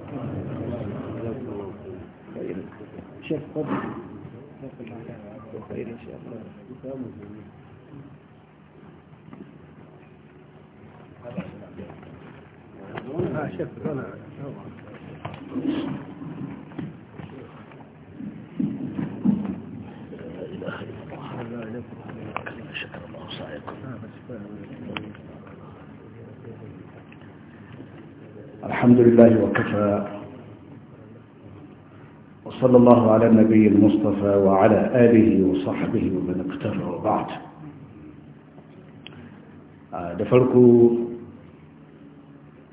شيخ فضل Thank you. آه، الحمد لله وكفى وصلى الله على النبي المصطفى وعلى آله وصحبه ومن اقتفى بعد آه، دفركو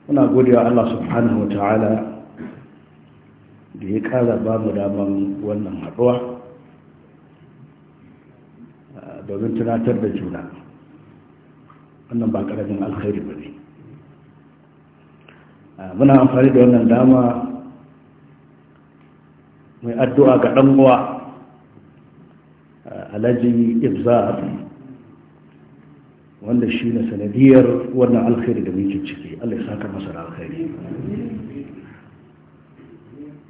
muna godewa Allah subhanahu wa ta'ala da ya kara ba mu daman wannan haɗuwa domin tunatar da juna wannan ba ƙaramin alkhairi ba ne muna amfani da wannan dama mai addu'a ga ɗan'uwa alhaji ibzar wanda shi na sanadiyar wannan alkhairi da muke ciki Allah ya saka masa alkhairi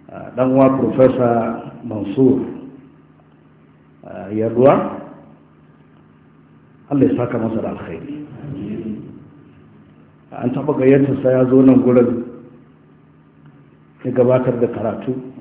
ah, dan wa professor Mansur ah, Yarwa Allah ya saka masa alkhairi ah, an taba gayyatar sa ya zo nan gurin ya gabatar da karatu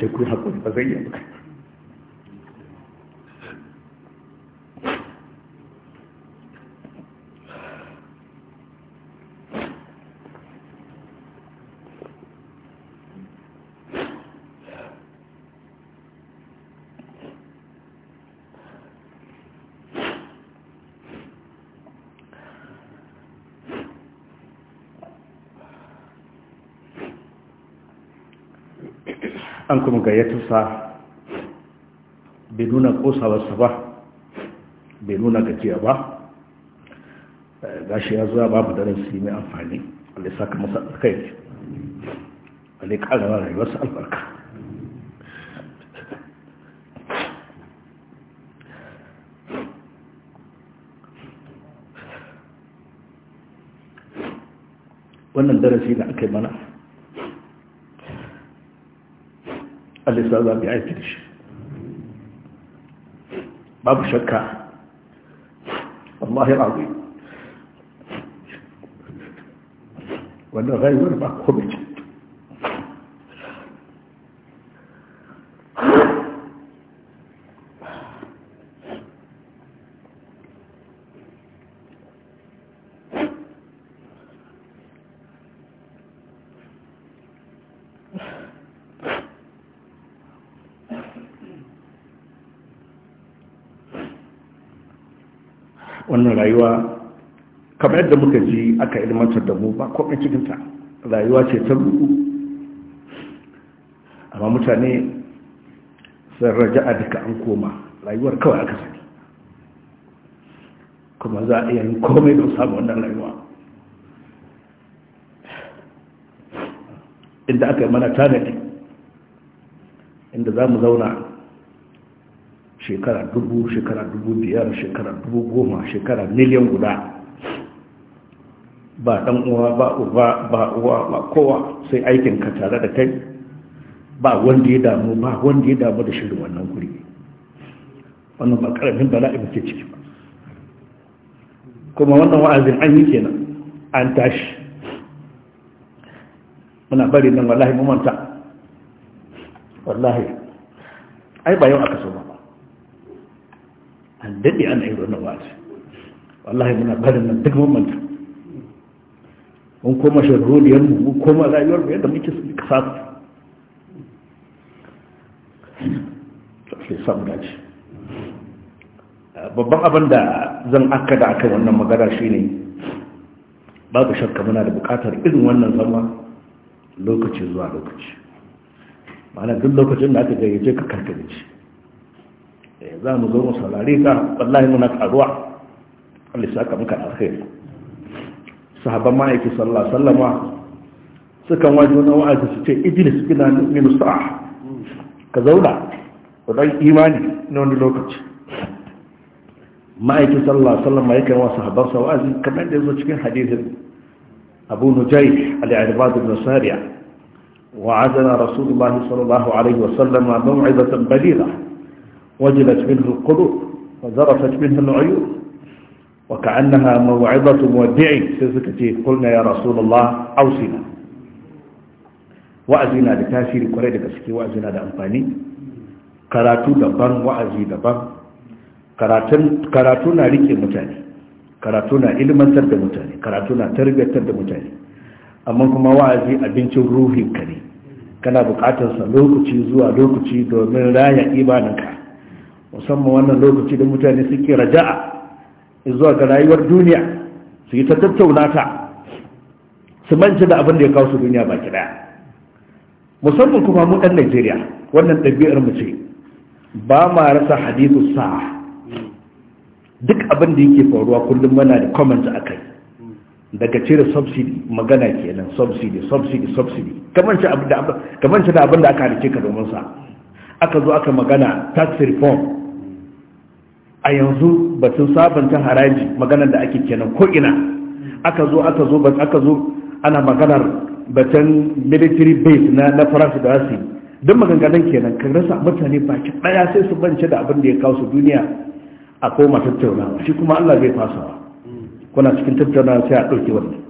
ce ku haƙuri ba zai yi ba an kuma sa bai nuna kosawarsa ba bai nuna gajiya ba eh, gashi ya zuwa babu daren su yi mai amfani wale saka masa alkai wale rayuwar sa albarka wannan darasi da aka yi mana الإسلام بأي تلش ما بشكا الله العظيم وأنه غير ما خبجه rayuwa kamar yadda muka ji aka ilmantar da mu ba komai cikinta rayuwa ce ta rudu amma mutane sun raja'a duka an koma rayuwar kawai aka sani kuma za a iya yin komai don samu wannan rayuwa inda aka yi mana tanadi inda za mu zauna shekara dubu shekara dubu biyar shekara dubu goma shekara miliyan guda ba dan uwa ba uba ba uwa ba kowa sai aikin ka tare da kai ba wanda ya damu ba wanda ya damu da shirin wannan guri wannan ba karamin bala'i ke ciki ba kuma wannan wa'azin an yi kenan an tashi muna bari nan wallahi mu manta wallahi ai ba yau aka so ba an daɗe ana yi wannan wa'azi wallahi muna barin nan duk mun manta mun koma shagaroliyar mu mun koma rayuwar mu yadda muke kasa sai samu dace babban abin da zan aka da aka wannan magana shine babu shakka muna da bukatar irin wannan zama lokaci zuwa lokaci ma'ana duk lokacin da aka gayyace ka karkare shi Eh, za mu zo mu saurare ka wallahi muna karuwa Allah saka muka alkhairi sahabban ma'aiki sallallahu alaihi wasallama sukan wajo na wa'azi su ce idris bina min sa'a ka zauna ku dan imani na wani lokaci ma'aiki sallallahu alaihi wasallama yakan wa sahabban sa wa'azi kamar da yazo cikin hadisin abu nujayh al-ibad ibn sariya وعدنا رسول الله صلى الله عليه وجلت منه القلوب وزرفت منه العيون وكأنها موعظة مودع سيزكتي قلنا يا رسول الله أوصنا وأزنا لتاثير قرية كسكي وأزنا لأمطاني karatu daban wa'azi daban karatu na rike mutane karatu na ilmantar da mutane karatu na tarbiyyar da mutane amma kuma wa'azi abincin ruhin ka ne kana bukatar sa lokaci zuwa lokaci domin raya imaninka musamman wannan lokaci da mutane suke raja'a zuwa ga rayuwar duniya su yi ta tattauna ta su manci da abin da ya kawo su duniya baki daya musamman kuma mu ɗan najeriya wannan ɗabi'ar mu ce ba ma rasa hadisu sa duk abin da yake faruwa kullum mana da comment a kai daga cire subsidy magana kenan subsidy subsidy subsidy kamar da abin da aka halice ka domin sa aka zo aka magana tax reform a yanzu batun sabanta haraji maganar da ake kenan ko ina aka zo aka zo aka zo ana maganar batun military base na na faransa da wasu don maganganun kenan kan rasa mutane baki daya sai su bance da abin da ya kawo su duniya a koma tattaunawa shi kuma allah zai fasawa kuna cikin tattaunawa sai a ɗauki wannan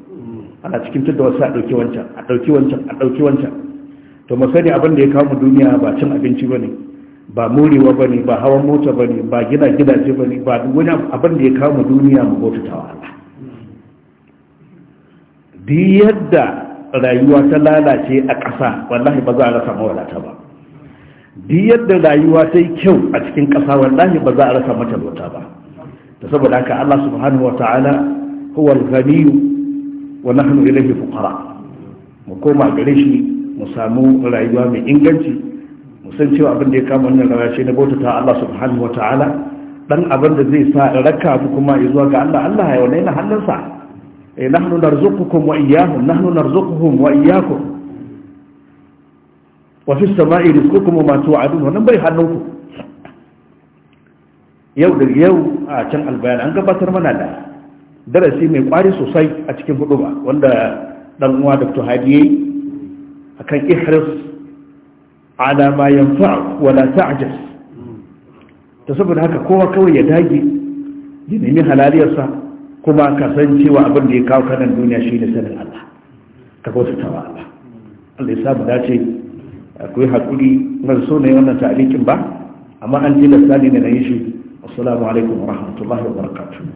ana cikin tattaunawa sai a ɗauki wancan a ɗauki wancan a ɗauki wancan to mu sani abin da ya kawo mu duniya ba cin abinci ba ne ba murewa ba ne ba hawan mota ba ne ba gina gidaje ba ne ba wani abin da ya kama duniya mu ta wahala. duk yadda rayuwa ta lalace a ƙasa wallahi ba za a rasa mawalata ba duk yadda rayuwa ta yi kyau a cikin ƙasa wallahi ba za a rasa matalauta ba da saboda haka Allah subhanahu wa ta'ala huwa al ghaniyu wa nahnu ilayhi fuqara mu koma gare shi mu samu rayuwa mai inganci musan cewa abin da ya kama wannan rana shi na bauta ta Allah subhanahu wa ta'ala dan abin da zai sa raka ku kuma zuwa ga Allah Allah ya wani na hannunsa eh nahnu narzuqukum wa iyyahum nahnu narzuquhum wa iyyakum wa fi samai rizqukum ma tu'adun wannan bai hannunku yau da yau a can albayan an gabatar mana da darasi mai kwari sosai a cikin hudu wanda dan uwa Dr. Hadi akan ihris ala ma yanfa wa la ta'jaz to saboda haka kowa kawai ya dage ya nemi halaliyarsa kuma ka san cewa abin da ya kawo kanan duniya shine ne sanin Allah ka ba, wa Allah Allah ya saba dace akwai hakuri na so ne wannan tarikin ba amma an tilasta ne na yishi shi assalamu alaikum wa rahmatullahi wa barakatuh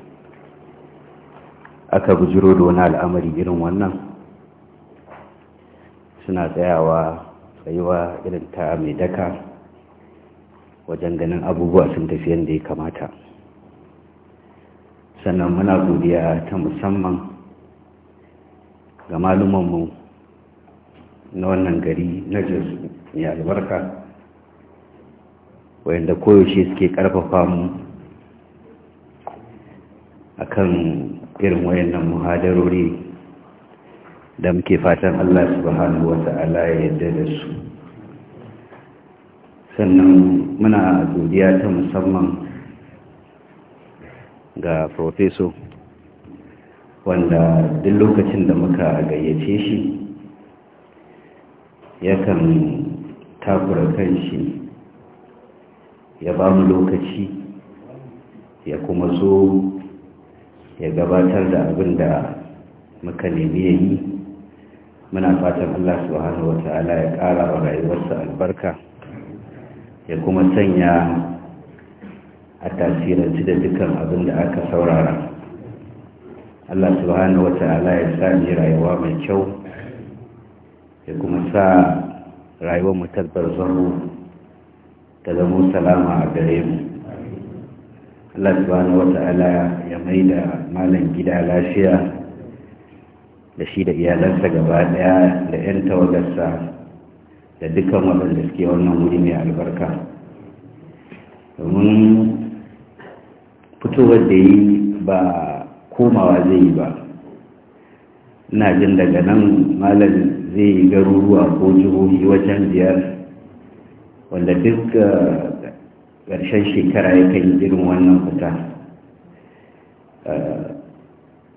aka bujiro da wani al'amari irin wannan suna tsayawa tsayuwa irin ta mai daka wajen ganin abubuwa sun tafi yadda ya kamata sannan muna godiya ta musamman ga malumanmu na wannan gari na jesu mai albarka wayanda koyaushe suke karfafa mu akan irin wayannan muhadarori da muke fatan Allah subhanahu wata'ala ya yarda da su sannan muna godiya ta musamman ga profeso wanda duk lokacin da muka gayyace shi yakan takura shi ya ba mu lokaci ya kuma zo ya gabatar da abin da muka nemi ya yi muna fatan Allah subhanahu wata'ala ya ƙara wa rayuwarsa albarka ya kuma sanya a tasiranci da dukkan abin da aka saurara Allah subhanahu wata'ala ya sa rayuwa mai kyau ya kuma sa rayuwar mu tabbar ta zama salama a gare mu Allah wata wata'ala ya mai da malam gida lafiya da shi da iyalansa gaba daya da 'yan tawagarsa da dukkan waɗanda suke wannan wuri mai albarka domin fitowar da yi ba komawa zai yi ba ina jin daga nan malam zai yi garuruwa ko jihohi wajen biyar wanda duk ƙarshen shekara ya kai irin wannan fita eh,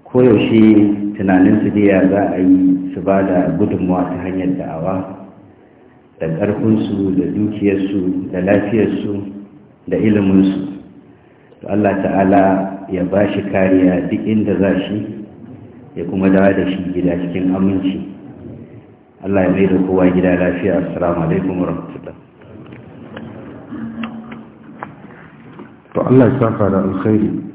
koyaushe tunanin su da za a yi su ba da gudunmawa ta hanyar da'awa da ƙarfinsu da dukiyarsu da lafiyarsu da iliminsu to Allah ta'ala ya ba shi kariya duk inda za shi ya kuma dawa da shi gida cikin aminci Allah ya mai da kowa gida lafiya assalamu alaikum warahmatullahi الله يسافر على الخير